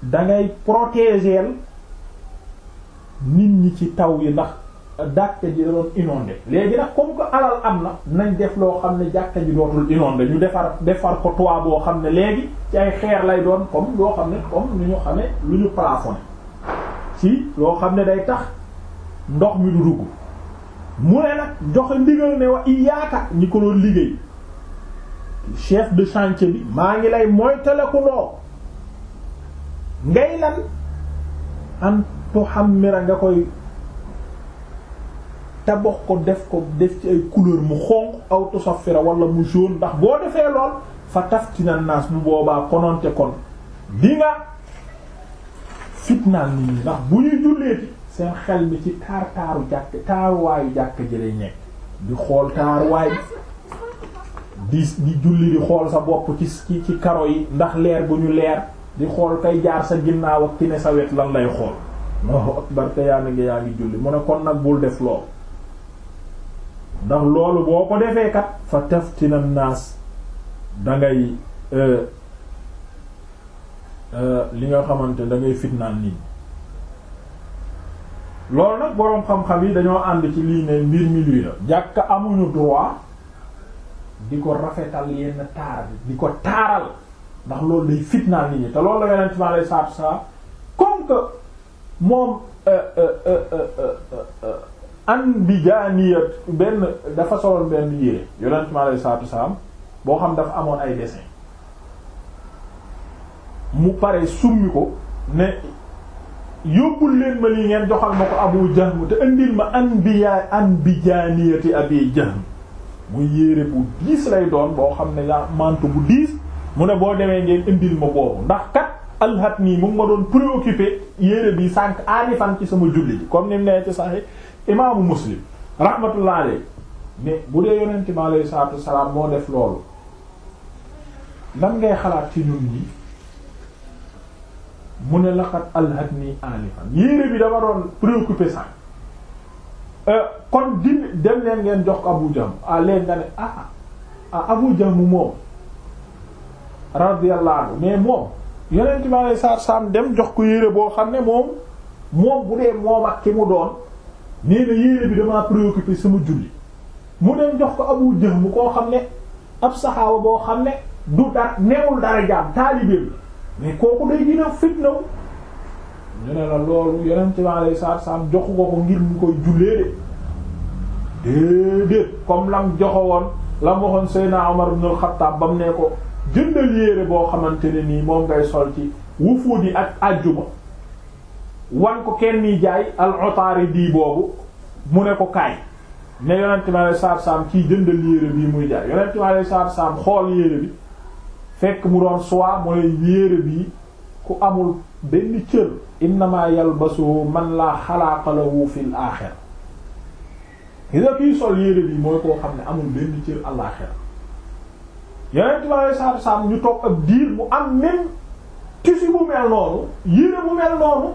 dangay protéger nit ñi ci taw yi ndax jàkka ji doon inondé léegi nag comme que alal am na nañ def loo xam ne jàkka ji dootul inondé ñu defar defar ko toit boo xam ne léegi ci ay xeer lay doon comme loo xam ne comme lu ñu xamee lu ñu plafonné si loo xam ne day tax ndox mi du dugg mu ne nag joxe ndigal ne wa iyaaka ñi ko doon liggéey chef de chantier bi maa ngi lay moytaleku loo ngay lan an tuhammira nga koy tabax ko def ko def ci ay couleur mu xonq aw tusaffira wala mu jaune ndax boo defee lool fa taftina naas bu boobaa kononte kon di nga fitnaal nit ndax bu ñu julleeti seen xel mi ci taar taaru jàkk taaruwaayu jàkk ji lay nekk di xool taaruwaay di di julli di xool sa bopp ci ci ci karo yi ndax leer bu ñu leer di xool kay jaar sa ginnaaw ak ki ne sa wet lan lay xool Allahu akbar te yaa ngi yaa ngi julli mu ne kon nag bul def loolu ndax loolu boo ko defee kat fa taftina naas dangay euh, euh, li nga xamante da ngay fitnaan nit ñi loolu nag boroom xam-xam yi dañoo ànd ci lii ne mbir mi luy la jàkk amuñu droit di ko rafetal yenn taar bi di ko taaral ndax loolu day fitnaan nit ñi te loolu la nga leen saatu saa comme moom euh, euh, euh, an bi jaaniyat benn dafa soloon benn yére yonent mi alayhi salaatu salaam boo xam dafa amoon ay dessin mu pare summi ko ne yóbbul leen ma lii ngeen joxal ma ko Abu Jahm te indil ma an bi yaa an bi jaaniyati Abi Jahm mu yére bu diis lay doon boo xam ne yaa mantu bu diis mu ne boo demee ngeen indil ma boobu ndax kat alhat nii mu ma doon préoccupé yére bi sànq aanifan ci sama julli bi comme ni mu nee sax saxi imaamu muslim rahmatullah alay mais bu dee yonente mi alayhi salaatu wasalaam moo def loolu lan ngay xalaat ci ñun yi mu ne laqad alhatni anifan yére bi dama doon préoccupé sànq euh, kon din dem leen ngeen jox ko Abu Jahm ah léegi nga ne ah ah Abu Jahm moom radiyallahu mais moom yeneen ci maa saar saam dem jox ko yére boo xam ne moom moom bu dee moom ak ki mu doon nee yére bi damaa préoccupé sama julli mu dem jox ko Abu Jahm koo xam ne ab saxaaba boo xam ne du dara newul dara jaam taalibeem mais kooku day gën a fitnaw ñu ne la loolu yeneen ci maa saar saam joxu ko ko ngir mu koy jullee de déedéet comme lam joxo woon lam waxoon Seydina Omar ibn al-Khattab bam ne ko jëndal yére boo xamante ne nii moom ngay sol ci wufuud yi ak àjjuma wan ko kenn ni jaay al otaari dii boobu mu ne ko kaay ne yonent mi alayhi salaatu salaam ciy jëndal yére bii muy jaay yonent mi alayhi salaatu salaam xool yére bi fekk mu doon soie mooy yére bii ku amul benn cër innama yalbasuhu man laa xalaaqa lahu fil aaxira gis sol yére bii mooy koo xam ne amul benn cër al yeneen ci wàllu saabu ñu toog ab diir mu am même tissu bu mel noonu yére bu mel noonu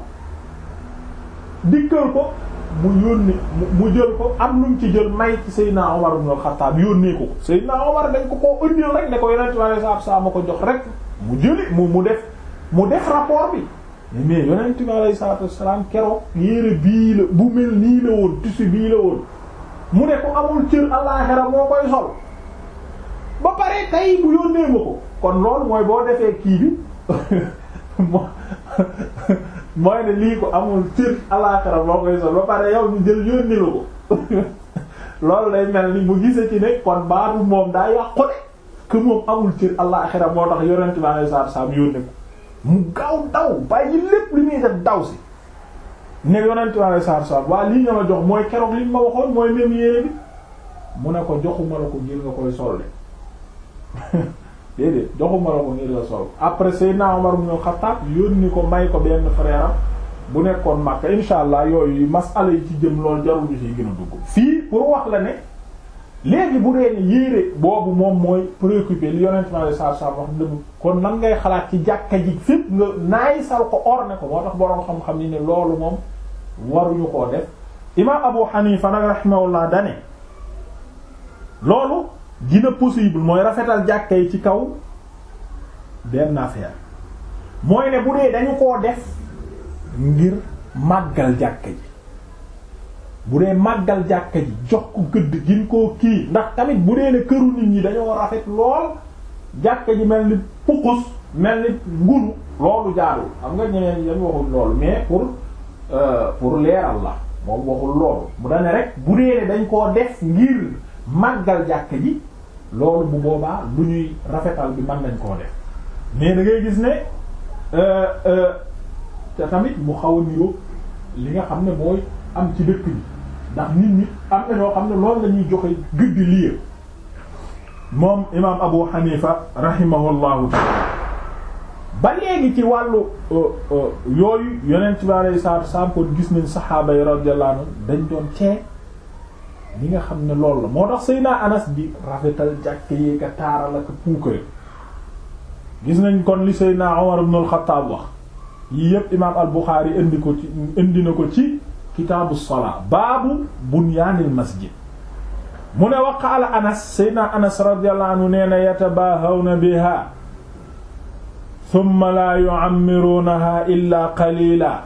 dikkal ko mu yónni mu jël ko am lu mu ci jël may ci Seydina Omar ibn Khattab yónnee ko ko Seydina Omar dañ ko koo indil rek ne ko yeneen mu jëli mu mu def mu def rapport bi. mais bi keroog yére bii la bu mel nii la woon tissu bii la woon mu ne ko amul cër àllaxira moo koy sol ba pare tey bu yónnee ma ko kon loolu mooy boo defee kii bi mooy ne lii ko amul tir alaxara boo koy sol ba pare yow ñu jël yónni la ko loolu lay mel ni mu gise ci ne kon baatu moom daa yàqu de kër moom amul tir alaxara moo tax yonent bi alayhi salaatu salaam yónni ko mu gaaw daw bàyyi lépp li muy def daw si ne yonent bi alayhi salaatu salaam waa lii nga ma jox mooy keroog li ma waxoon mooy même yére bi mu ne ko joxuma la ko ngir nga koy solde déedéet joxuma la ko ngir la sol après Seydina Omar ibn Khattab yónni ko may ko benn frère bu nekkoon Makka insha allah yooyu masala yi ci jëm loolu jarul ñu ci gën a dugg fii pour wax la ne léegi bu dee ne yéere boobu moom mooy préoccupé li yonent ma la saa wax dëgg kon nan ngay xalaat ci jàkka ji fépp nga naay sal ko orne ko moo tax boroom xam-xam ni ne loolu moom waruñu koo def imaam Abu Hanifa nag rahimahullah dane loolu dina possible mooy rafetal jàkka yi ci kaw benn affaire mooy ne bu dee dañu koo def ngir màggal jàkka ji bu dee màggal jàkka ji jox ko gëdd gin koo kii ndax tamit bu dee ne këru nit ñi dañoo rafet lool jàkka ji mel ni pukkus mel ni ngunu loolu jaarul xam nga ñeneen dañu waxul loolu mais pour euh, pour leeral la moom waxul loolu mu dane rek bu dee ne dañ koo def ngir màggal jàkka ji loolu bu boobaa lu ñuy rafetal bi mën nañ koo def mais da ngay gis ne euh, euh, te tamit mu xaw a niroo li nga xam ne mooy am ci dëkk bi ndax nit ñi am na ñoo xam ne loolu la ñuy joxe gëdd lii moom imaam Abu Hanifa rahimahullahu ta'ala ba léegi ci wàllu euh, yooyu yeneen ci wàllu saab saab kon gis nañ saxaaba yi radiyallahu anhum dañ doon tee li nga xam ne loolu la moo tax Seydina Anas di rafetal jàkk yi ka taaral ak puukare gis nañ kon li Seydina Umar ibn al wax yii yépp imaam al indi ko indi na ko ci kitaabu salaa baabu bunyaanil masjid mu ne wa qaala Anas Seydina Anas radiyallahu anhu nee na yatabaahawna biha thumma la yu'ammirunaha illa qalila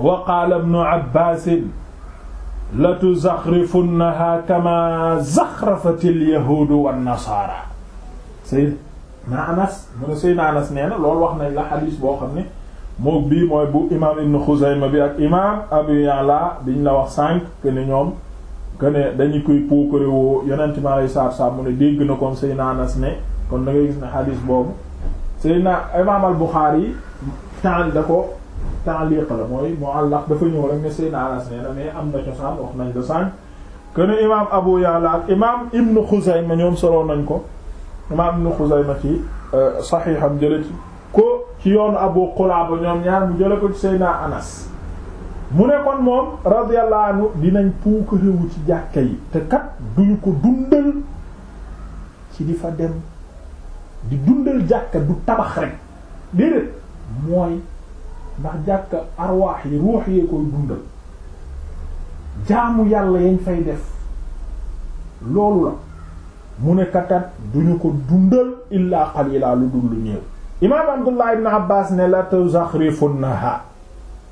wa qaala ibnu Abbaasin latuzaxrifunnaha kama zaxrafatil yahuudu wan nasaara Seydina Anas mu ne Seydina Anas nee na loolu wax nañ la xadiis boo xam ne moom bii mooy bu imaam Ibn Xuzayma bi ak imaam Abu Ya'la biñ la wax sànq que ne ñoom que ne dañu koy puukare woo Yonent mi alayhi salaatu salaam mu ne dégg na kon Seydina Anas ne kon da ngay gis ne xadiis boobu Seydina imaam al Buxaari yi temps da ko. taaliq la mooy muallaq dafa ñëw rek ne Seydina Anas nee na mais am na cosaan wax nañ la sànq kene imaam Abu Ya'la ak imaam Ibn Xuzayma ñoom soloo nañ ko imaam Ibn Xuzayma ci euh, saxiixam jële ci ko ci yoonu Abu Qulaaba ñoom ñaar mu jële ko ci Seydina Anas mu ne kon moom radiyallahu anhu dinañ puukarewu ci jàkka yi te kat duñu ko dundal ci di fa dem di dundal jàkka du tabax rek déedéet mooy ndax jàkk arwaax yi ruux yee koy dundal jaamu yàlla yañ fay def loolu la mu ne katat duñu ko dundal illaa qalila lu dul lu néew imaam abdullah ibn abbas ne la tuzaxrifunnaha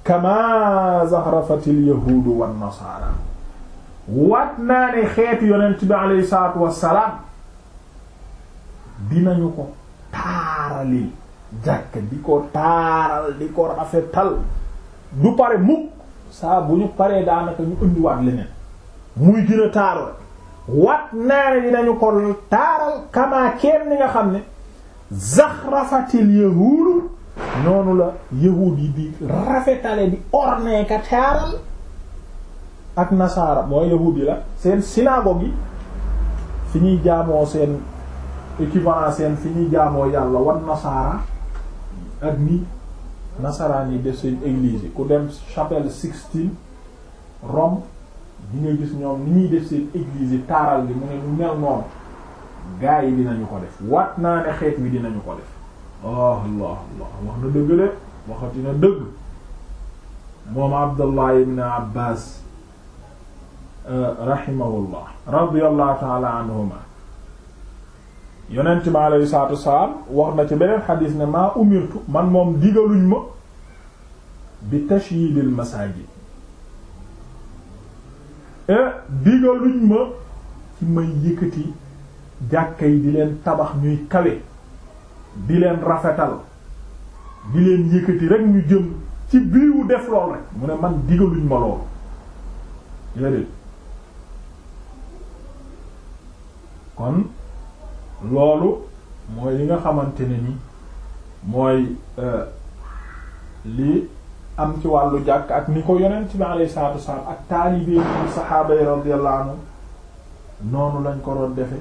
kama zaxrafatil yahuudu wan nasaara waat naa ne xeetu yonent bi alayhi salaatu wassalaam dinañu ko taaralil jàkk di ko taaral di ko rafetal du pare mukk saa bu ñu paree daanaka ñu indiwaat leneen muy gën a taaral wat naa ne dinañu ko taaral kamaa kenn nga xam ne zaxrafatil yahuudu noonu la yahuud yi di rafetale di ornee ka taaral ak nasaara mooy yahuud yi la seen synagogue yi fi ñuy jaamoo seen équivalent seen fi ñuy jaamoo yàlla wan nasaara ak ni nasaraan yi def seen église yi ku dem chapelle Sixtine Rome nga gis ñoom ni ñuy def seen église yi taaral gi mu ne ñu mel noonu gaa yi dinañu ko def wat naa ne xeet wi dinañu ko def allah allah allah wax na dëgg de waxati na dëgg moom Abdullah ibn Abbas eh, rahimahullah radiyallahu ta'ala anhuma yonent mi alayhi salaatu wasalaam wax na ci beneen xadiis ne maa umirtu man moom digaluñ ma bi tashyidil masaajid eh, digaluñ ma ci may yëkkati jàkka yi di leen tabax ñuy kawe di leen rafetal di leen yëkkati rek ñu jëm ci biiwu def lool rek mu ne man digaluñ ma lool déedéet kon loolu mooy li nga xamante ne ni mooy euh, li am ci wàllu jàkk ak ni ko yonent bi alayhi salaatu wassalaam ak taalibee yi saxaaba yi radiyallahu anhu noonu lañ ko doon defe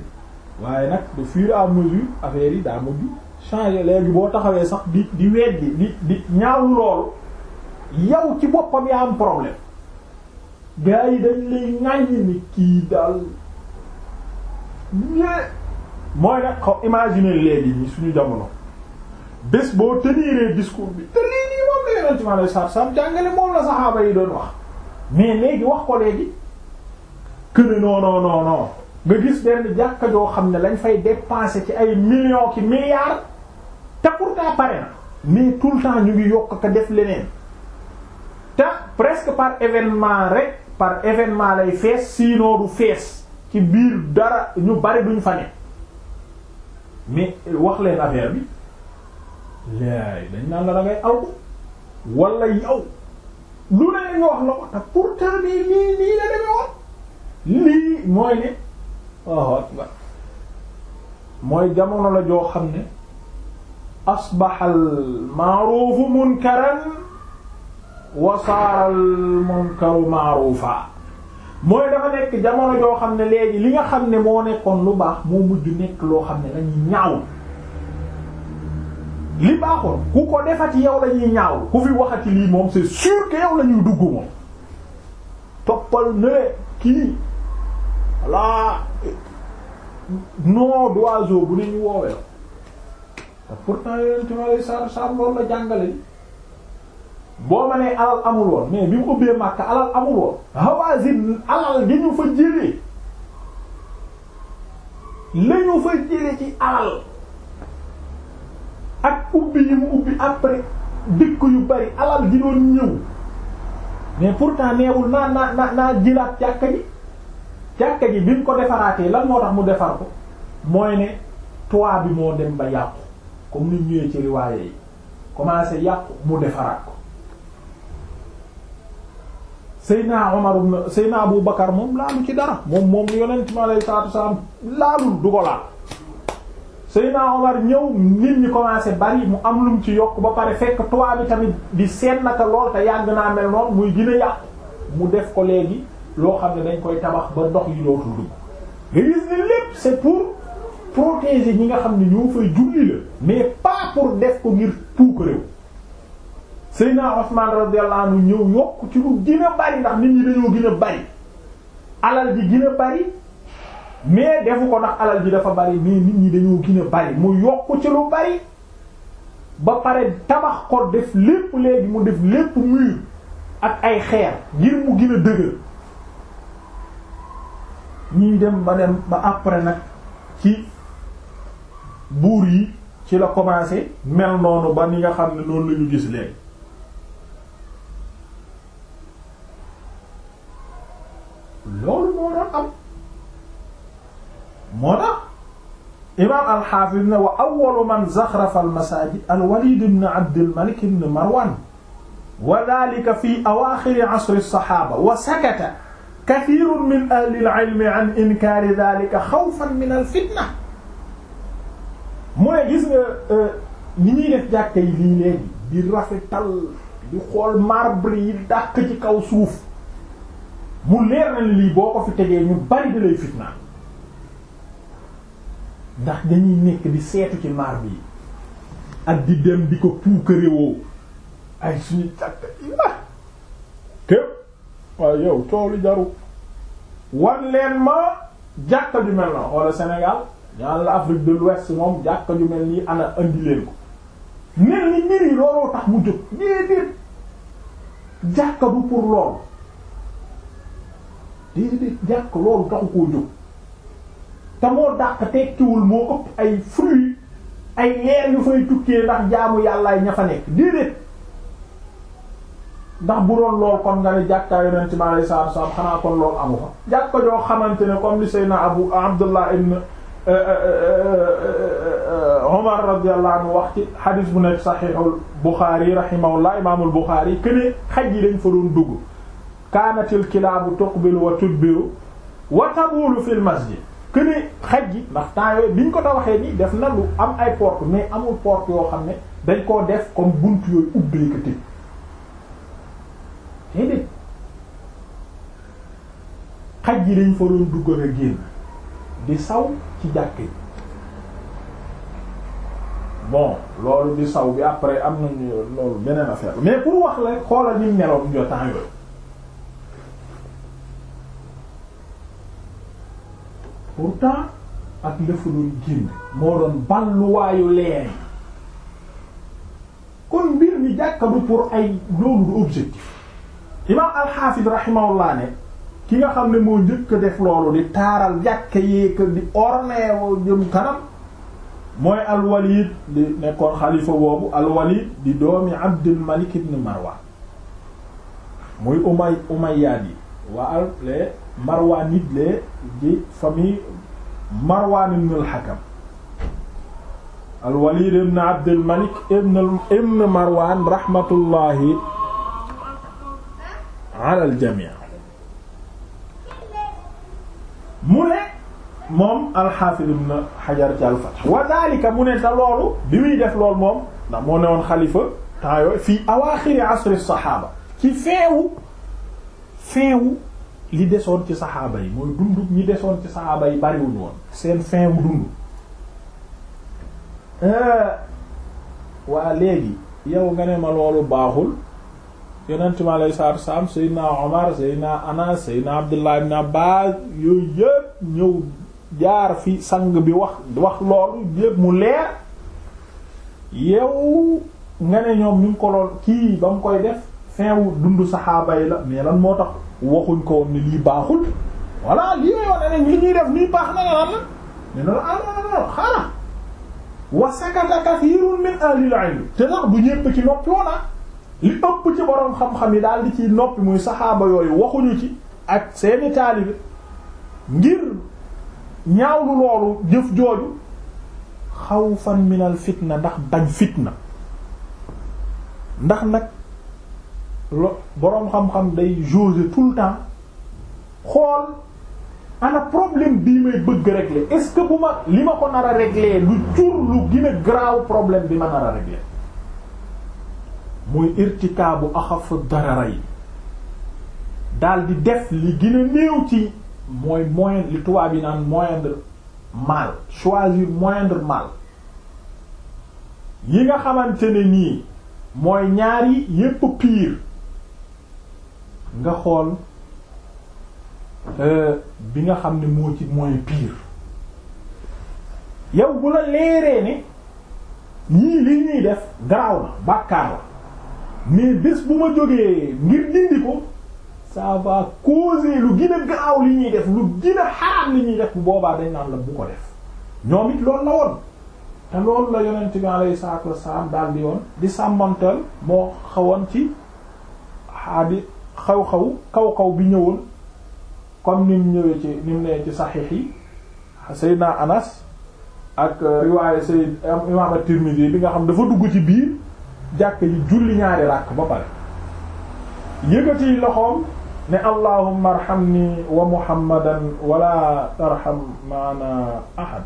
waaye nag de fur et à mesure affaire yi daa changer léegi boo taxawee sax di di weddi di di ñaawu loolu yow ci boppam yaa am problème gars yi dañ lay ŋàññi ni kii daal ñe mooy nag xaw imaginer léegi ñi suñu jamono bés boo teniree discours bi te lii nii moom la yonent bi alayhi salaatu salaam jàngale moom la saxaaba yi doon wax mais léegi wax ko léegi këne non non non nga gis benn jàkka joo xam ne lañ fay dépenser ci ay millions ki milliards te pourtant pare na ni tout temps ñu ngi yokk ka def leneen te presque par événement rek par événement lay fees sinon du fees ci biir dara ñu bari duñ fa mais wax leen affaire bi laay dañ naan la da ngay aw wala yow lu ne ñu wax la ko te pourtant nii nii nii la demee woon lii mooy ne waaw mooy jamono la joo xam ne asbaxal maaruufu munkaran wa saaral munkaru maaruufa mooy dafa nekk jamono joo xam ne léegi li nga xam ne moo nekkoon lu baax moo mujj nekk loo xam ne lañuy ñaaw li baaxoon ku ko defati yow lañuy ñaaw ku fi waxati lii moom si sûr que yow lañuy dugg moom toppal ne kii voilà nom d'oiseau bu ne ñu woowee la te pourtant yonentu Yàlla sallallahu alayhi wasallam loolu la jàngale boo ma alal amul woon mais bi mu ubbee Makka alal amul woon Hawazin alal gi ñu fa jëlee la fa jëlee ci alal ak ubbi yi mu ubbi après dëkk yu bari alal gi doon ñëw mais pourtant neewul naa naa naa naa jëlaat jàkka ji jàkka ji bi mu ko defaraatee lan moo tax mu defar ko mooy ne toit bi moo dem ba yàpp comme ni ñëwee ci riwaaye yi commencé yàqu mu defaraat ko Seyna Omar Seyna Abu Bakar moom laalu ci dara moom moom yonent mi alayhi salaatu salaam laalul du ko laal Seyna Omar ñëw nit ñi commencé bari mu am lu lum ci yokk ba pare fekk toit bi tamit di seen naka lool te yàgg naa mel noonu muy gën yàqu mu def ko léegi loo xam ne dañ koy tabax ba ndox yi dootul dugg nga gis ni lépp c'est pour protéger ñi nga xam ne ñoo fay julli la mais pas pour def ko ngir puuk réew Seydina Usman radiyallahu anhu ñëw yokk ci lu gën bari ndax nit ñi dañoo gën a bari alal ji gën bari mais defu ko nag alal ji dafa bari mais nit ñi dañoo gën bari mu yokk ci lu bari ba pare tabax ko def lépp léegi mu def lépp mur ak ay xeer ngir mu gën dëgër ñuy dem ba dem ba après nag ci buur yi ci la commencé mel noonu ba ni nga xam ne loolu la ñu gis léegi loolu moo doon am moo tax imaam alxaafis ne wa awwalu man zaxrafa almasaajid alwaliid ibn abdilmalik ibn marwan wa daalika fi awaaxiri asri saxaaba wa sakata kasiirun min ahli al-ilmi an inkaari daalika xawfan min alfitna mu ne gis nga euh, ni ñuy def jàkka yi lii léegi di rafetal di xool marbre yi dàq ci kaw suuf mu leer lii boo ko fi tegee ñu bari da lay fitna ndax dañuy nekk di seetu ci maar bi ak di dem di ko puukarewoo ay suñu càkk ah képp waaye yow toolu jaru wan leen ma jàkka ju mel na wala Sénégal ñaan la Afrique de l'Ouest moom jàkka ju mel nii ana andi ko mel ni mbir yi looloo tax mu jóg ñee déet jàkka bu pour loolu déedéet jàkk loolu taxu koo jóg te moo dàq tekkiwul moo ëpp ay fruits ay leer yu fay tukkee ndax jaamu yàllaay ña fa nekk déedéet ndax bu doon lool kon nga ne jàkkaa yonent mi alayhi salaatu salaam xanaa kon amu fa jàkka joo xamante ne comme li Seydina Abu Abdullah ibn euh, euh, euh, Omar radiyallahu anhu wax ci bu nekk saxiixul Buxaari rahimahullah imaamul Buxaari këne xaj yi dañ fa doon dugg kaanatil kilaabu tuqbil wa tudbiru wa tabulu fil masjid këne xaj gi ndax temps yooyu biñ ko ta waxee nii def na lu am ay porte mais amul porte yoo xam ne dañ koo def comme bunt yooyu ubbee ko tëj déedéet xaj yi dañ fa doon duggoon a génn di saw ci jàkk yi bon loolu di saw bi après am nañu loolu beneen affaire mais pour wax la xoolal ni meloon jo temps pourtant ak lëfu doon génn moo doon balluwaayu leer kon mbir mi jàkka du pour ay loolu du objectif imaam alxaafid rahimahullah ne ki nga xam ne moo njëkk def loolu di taaral jàkka yeek di orneewo jëm kanam mooy alwalid di nekkoon xalifa boobu alwalid di doomi abdul malik ibn marwan muy umay umayyaad yi waa al Marwaan nit lee di famille Marwaan ibn al-Hakam al-Walid ibn Abdul Malik ibn ibn Marwaan rahmatullahi ala al-jamii mu ne moom al-Hafiz ibn Hajar ci al-Fath wa daalika mu ne te loolu bi muy def loolu moom ndax moo ne woon xalifa temps yooyu fii awaaxiri asri saxaaba ci feewu feewu li desoon ci saxaaba yi mooy dundu ñi desoon ci saxaaba yi bariwuñ woon seen fin wu dund euh, waa léegi yow nga ne ma loolu baaxul yonent mi aleyhi salaatu wasalaam Seydina Omar Seydina Anas Seydina Abdullah ibn Abbas yooyu yëpp ñëw jaar fi sang bi wax wax loolu yëpp mu leer yow nga ne ñoom ñu ngi ko lool kii ba mu koy def fin wu dund saxaaba yi la mais lan moo tax waxuñ ko woon ne lii baaxul voilà lii may wane ne ñuy def nii baax na nga am na ne la ah xaaral wa sakata kathirun min ahlil ilm te nag bu ñépp ci noppi woona ah. li ëpp ci borom xam-xam yi daal di ci noppi muy saxaaba yooyu waxuñu ci ak seeni taalibe ngir ñaawlu loolu jëf jooju xawfan minal fitna ndax bañ fitna ndax nag lo boroom xam-xam day jauger tout le temps xool ana problème bii may bëgg régler est-ce que bu ma li ma ko nar a régler lu jur lu gën a problème bi ma nar a régler muy irtikaabu axaf darara yi dal di def li gën néew ci mooy moyen li tubaab yi naan moindre mal choisir moindre mal yi nga xamante ne nii mooy ñaari yi yépp pire nga xool euh, bi nga xam ne moo ci mooy pire yow bu la leeree ni ñii lii ñuy def garaaw na bàkkaar la mais bés bu ma jógee ngir dindi ko ça va lu gën a li ñuy def lu gën a li ñuy def boobaa dañ naan la bu ko def ñoom it loolu la woon te loolu la yonent bi alayhi salaatu wassalaam daal di yoon di sàmmantal moo xawoon ci xaadi xaw-xaw kaw-kaw bi ñëwul kon ni mu ñëwee ci ni mu nee ci saxiix yi Seydina Anas ak euh, riwaaye Seyd imaam at bi nga xam dafa dugg ci biir jàkk yi julli ñaari ràkk ba pare yëkkati loxoom ne allahumma arhamni wa muhammadan wala tarham maana ahad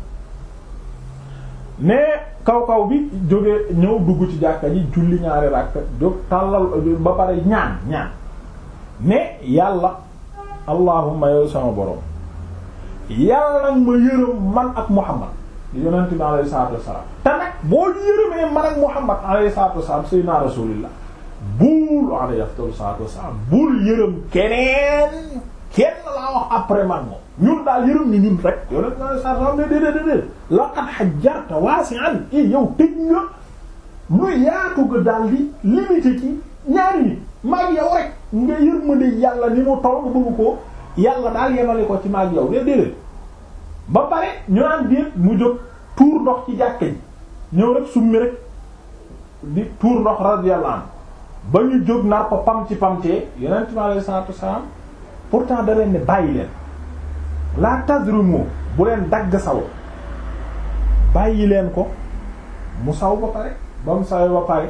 ne kaw-kaw bi jóge ñëw dugg ci jàkka ji julli ñaari ràkk jóg tàllal ba pare ñaan ñaan ne yàlla allahumma yow sama borom yàlla nag ma yërëm man ak muhammad di yonent bi alayhi salaatu wassalaam te nag boo yërëmee man ak muhammad alayhi salaatu wassalaam sayyidina rasulillah bul alayhi afdalu salaatu wassalaam bul yërëm keneen kenn laa wax après man moom ñun daal yërëm ni ñun rek yonent bi alayhi salaatu wassalaam ne déedéet déedéet laqad hajjarta waasi'an i eh yow tëj nga lu yaatu ga daal di limité ci ñaari nit maag yow rek nga yërmande yàlla ni mu toll bëgg ko yàlla daal yemale ko ci maag yow de déedéet ba pare ñu naan déet mu jóg tuur ndox ci jàkka ji ñëw rek summi rek di tuur ndox radiyallahu ba ñu jóg naa ko pam ci pamtee yeneen ci alayhi salaatu wassalaam pourtant da leen ne bàyyi leen la tazrumu bu leen dagg saw bàyyi leen ko mu saw ba pare ba mu sawee ba pare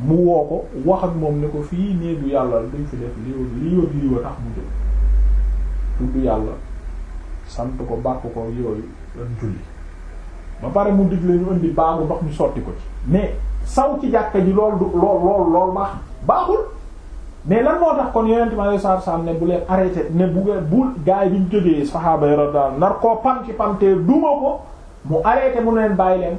mu woo ko wax moom ne ko fii néegu yàlla duñ fi def lii lii wëg lii tax mu jóg tudd yàlla sant ko bàkk ko yooyu lan julli ba pare mu digle ñu indi baagu ndox ñu sotti ko ci mais saw ci jàkka ji lool du lool lool lool baax baaxul mais lan moo tax kon yonent ma sar sam ne bu leen arrêté ne bu ngeen bu gaay bi ñu jógee saxaaba yi radiyallahu nar koo pan ci pamtee duma ko mu arrêté mu leen bàyyi leen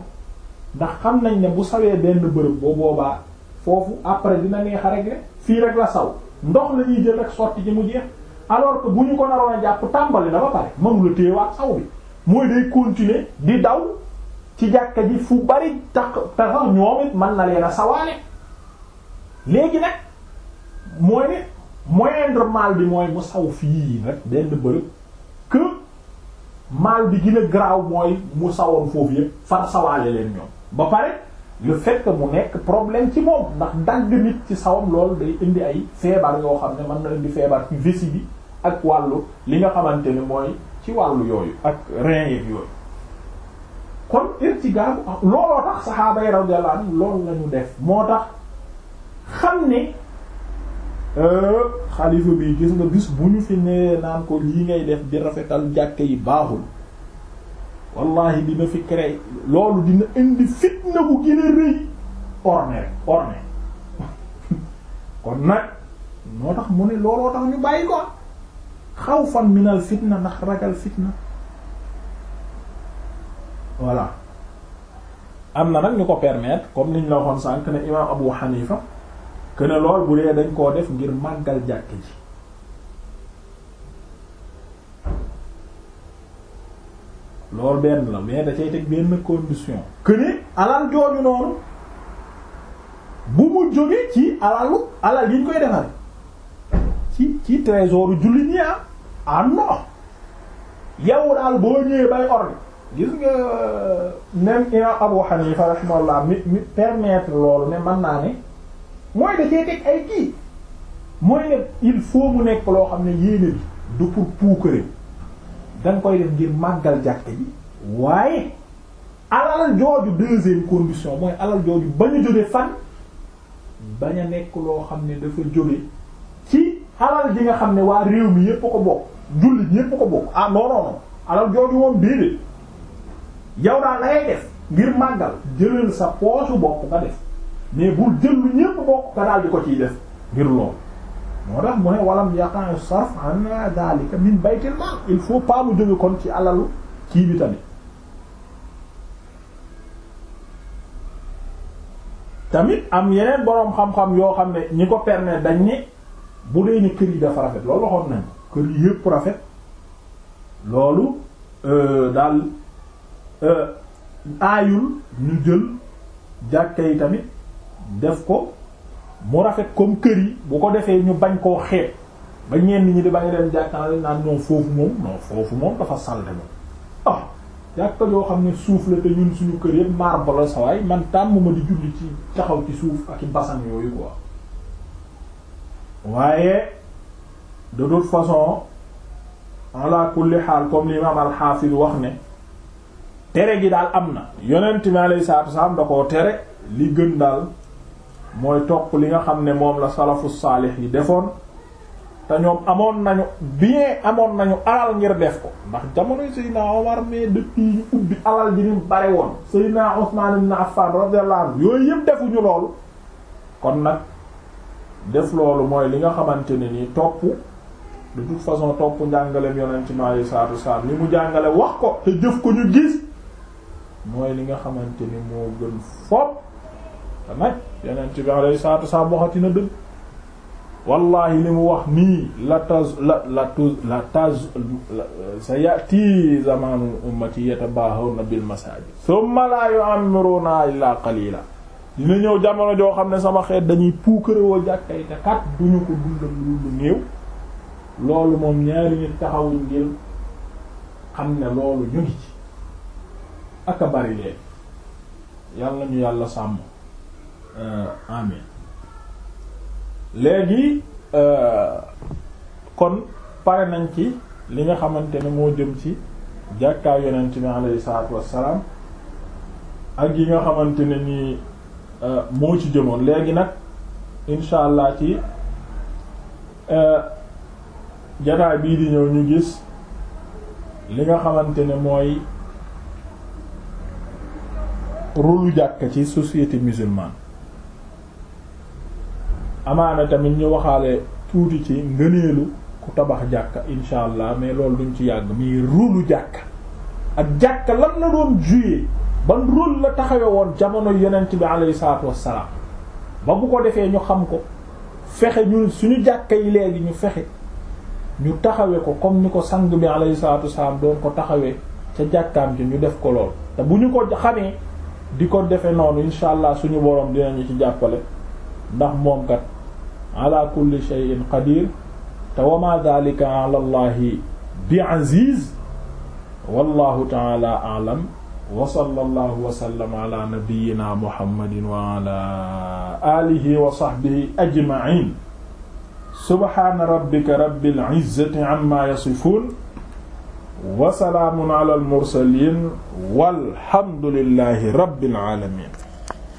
ndax xam nañ ne bu sawee benn bërëb boobaa foofu après dina neex a régler fii rek la saw ndox la ñuy jël ak sotti ci mu jeex alors que bu ñu ko naroon jàpp tàmbali na ba pare mënu la téyewaat saw bi mooy day continuer di daw ci jàkka ji fu bari tax taxaw ñoom it mën na leen a sawaale léegi nag mooy ne moindre mal bi mooy mu saw fii rek benn bërëb que mal bi gën a mooy mu sawoon foofu yëpp far sawaale leen ñoom ba pare le fait mu nekk problème ci moom ndax dagg nit ci sawam lool day indi ay feebar yoo xam ne mën na indi feebar ci vessie bi ak wàllu li nga xamante ne mooy ci wàllu yooyu ak rein yeeg yooyu kon irtigaab ah, looloo tax saxaaba yi radiyallahu anhum def moo tax xam ne euh, xalifa bi gis nga bis bu ñu fi nee naan ko lii ngay def di rafetal jàkke yi baaxul wallahi dina fi créer loolu dina indi fitna bu gën a rëy orne orne kon nag noo tax mu ne looloo tax ñu bàyyi ko xaw fan minal fitna ndax ragal fitna voilà am na nag ñu ko permet comme niñ la waxoon sànq ne imaam Abu Hanifa que ne lool bu dee dañ koo def ngir màggal jàkk ji loolu benn la mais da cay teg benn condition que ne alal jooju noonu bu mu jóge ci alalu alal yiñ koy defare ci ci trésoru julli ñi ah ah non daal boo ñëwee bay ordi gis nga même imam Abu Hanifa rahimahullah mi mi permettre loolu ne mën naa ne mooy da cay teg ay kii mooy ne il faut mu nekk loo xam ne yéene bi du pour puukare danga koy def ngir màggal jàkka ji waaye alal jooju deuxième condition mooy alal jooju bañ a jóge fan bañ a nekk loo xam ne dafa jóge ci alal ji nga xam ne waa réew mi yépp ko bokk jullit ñépp ko bokk ah non non alal jooju moom déedéet yow daal la ngay def ngir màggal jëlal sa poosu bokk nga def mais bul jël lu ñépp bokk nga daal di ko ciy def ngir lool moo tax mu ne walam yaqan sarf an dalika min baytil mal il faut pas mu jóge kon ci alalu kii bi tamit tamit am yeneen boroom xam-xam yoo xam ne ñi ko permettre dañ ne bu dee ne kër yi dafa rafet loolu waxoon nañ kër yi yépp rafet loolu euh, daal euh, aayul ñu jël jàkka yi tamit def ko mu rafet comme kër yi bu ko defee ñu bañ koo xeeb ba ñenn ñi di bañ dem jàkkaarloo naan ñoom foofu moom non foofu moom dafa salte moom ah yoo xam ne suuf la te ñun suñu kër yëpp marbre la sawaay man tàmm ma di julli ci taxaw ci suuf ak i basan yooyu quoi waaye de toute façon ala kulli xaal comme l'imam al-Hafiz wax ne tere gi daal am na yonent mi alayhi salaatu wa salaam da tere li gën daal. mooy topp li nga xam ne moom la salafu saalix yi defoon te ñoom amoon nañu bien amoon nañu alal ngir def ko ndax jamonoy Seydina Omar mais depuis ñu ubbi alal ji ni bare woon naa Seydina Usman ibn Affan radiyallahu anhu yooyu yëpp defuñu loolu kon nag def loolu mooy li nga xamante ne nii topp de toute façon topp njàngaleem yonent mi alayhi salaatu wasalaam mu jàngale wax ko te jëf ko ñu gis mooy li nga xamante ni moo gën fopp te nag yeneen ci bi alayhi na dëgg wallahi li mu wax nii la taz la la tuz la taz sa yati zamanu ummati yatabahawna bil masajid thumma la yu'ammiruna illa qalila dina ñëw jamono joo xam ne sama xeet dañuy puukarewoo jàkkay te kat duñu ko dundal lu néew loolu moom ñaari nit taxawuñ ngir xam ne loolu ñu ngi ci ak bari leen yàlla ñu yàlla sàmm Euh, amin léegi euh, kon pare nañ ci li nga xamante ne moo jëm ci jàkkaay yonent bi alayhi salaatu wassalaam ak yi nga xamante ne nii euh, moo ci jëmoon léegi nag incha allah ci janaay bii di ñëw ñu gis li nga xamante ne mooy rôle jàkka ci société musulmane amaana tamit ñu waxaale tuuti ci ngëneelu ku tabax jàkka insha allah mais loolu duñ ci yàgg mais rôlu jàkka ak jàkka lan la doon jouer ban rôle la taxawe woon jamono yonent bi alayhi salaatu wassalaam ba bu ko defee ñu xam ko fexe ñun suñu jàkka yi léegi ñu fexe ñu taxawe ko comme ni ko sang bi alayhi salaatu wassalaam doon ko taxawee ca jàkkaam ci ñu def ko lool te bu ñu ko xamee di ko defe noonu insha allah suñu borom dinañu ci jàppale ndax moom kat ala kulli shay'in qadir te wa ma dhalika ala allahi bi aziz wallahu ta'ala a'lam wa sallallahu wa sallama ala nabiyyina muhammadin wa ala alihi wa sahbihi ajma'in subhana rabbika rabbil izzati amma yasifun wa salaamun ala al mursalin walhamdulillahi rabbil alamin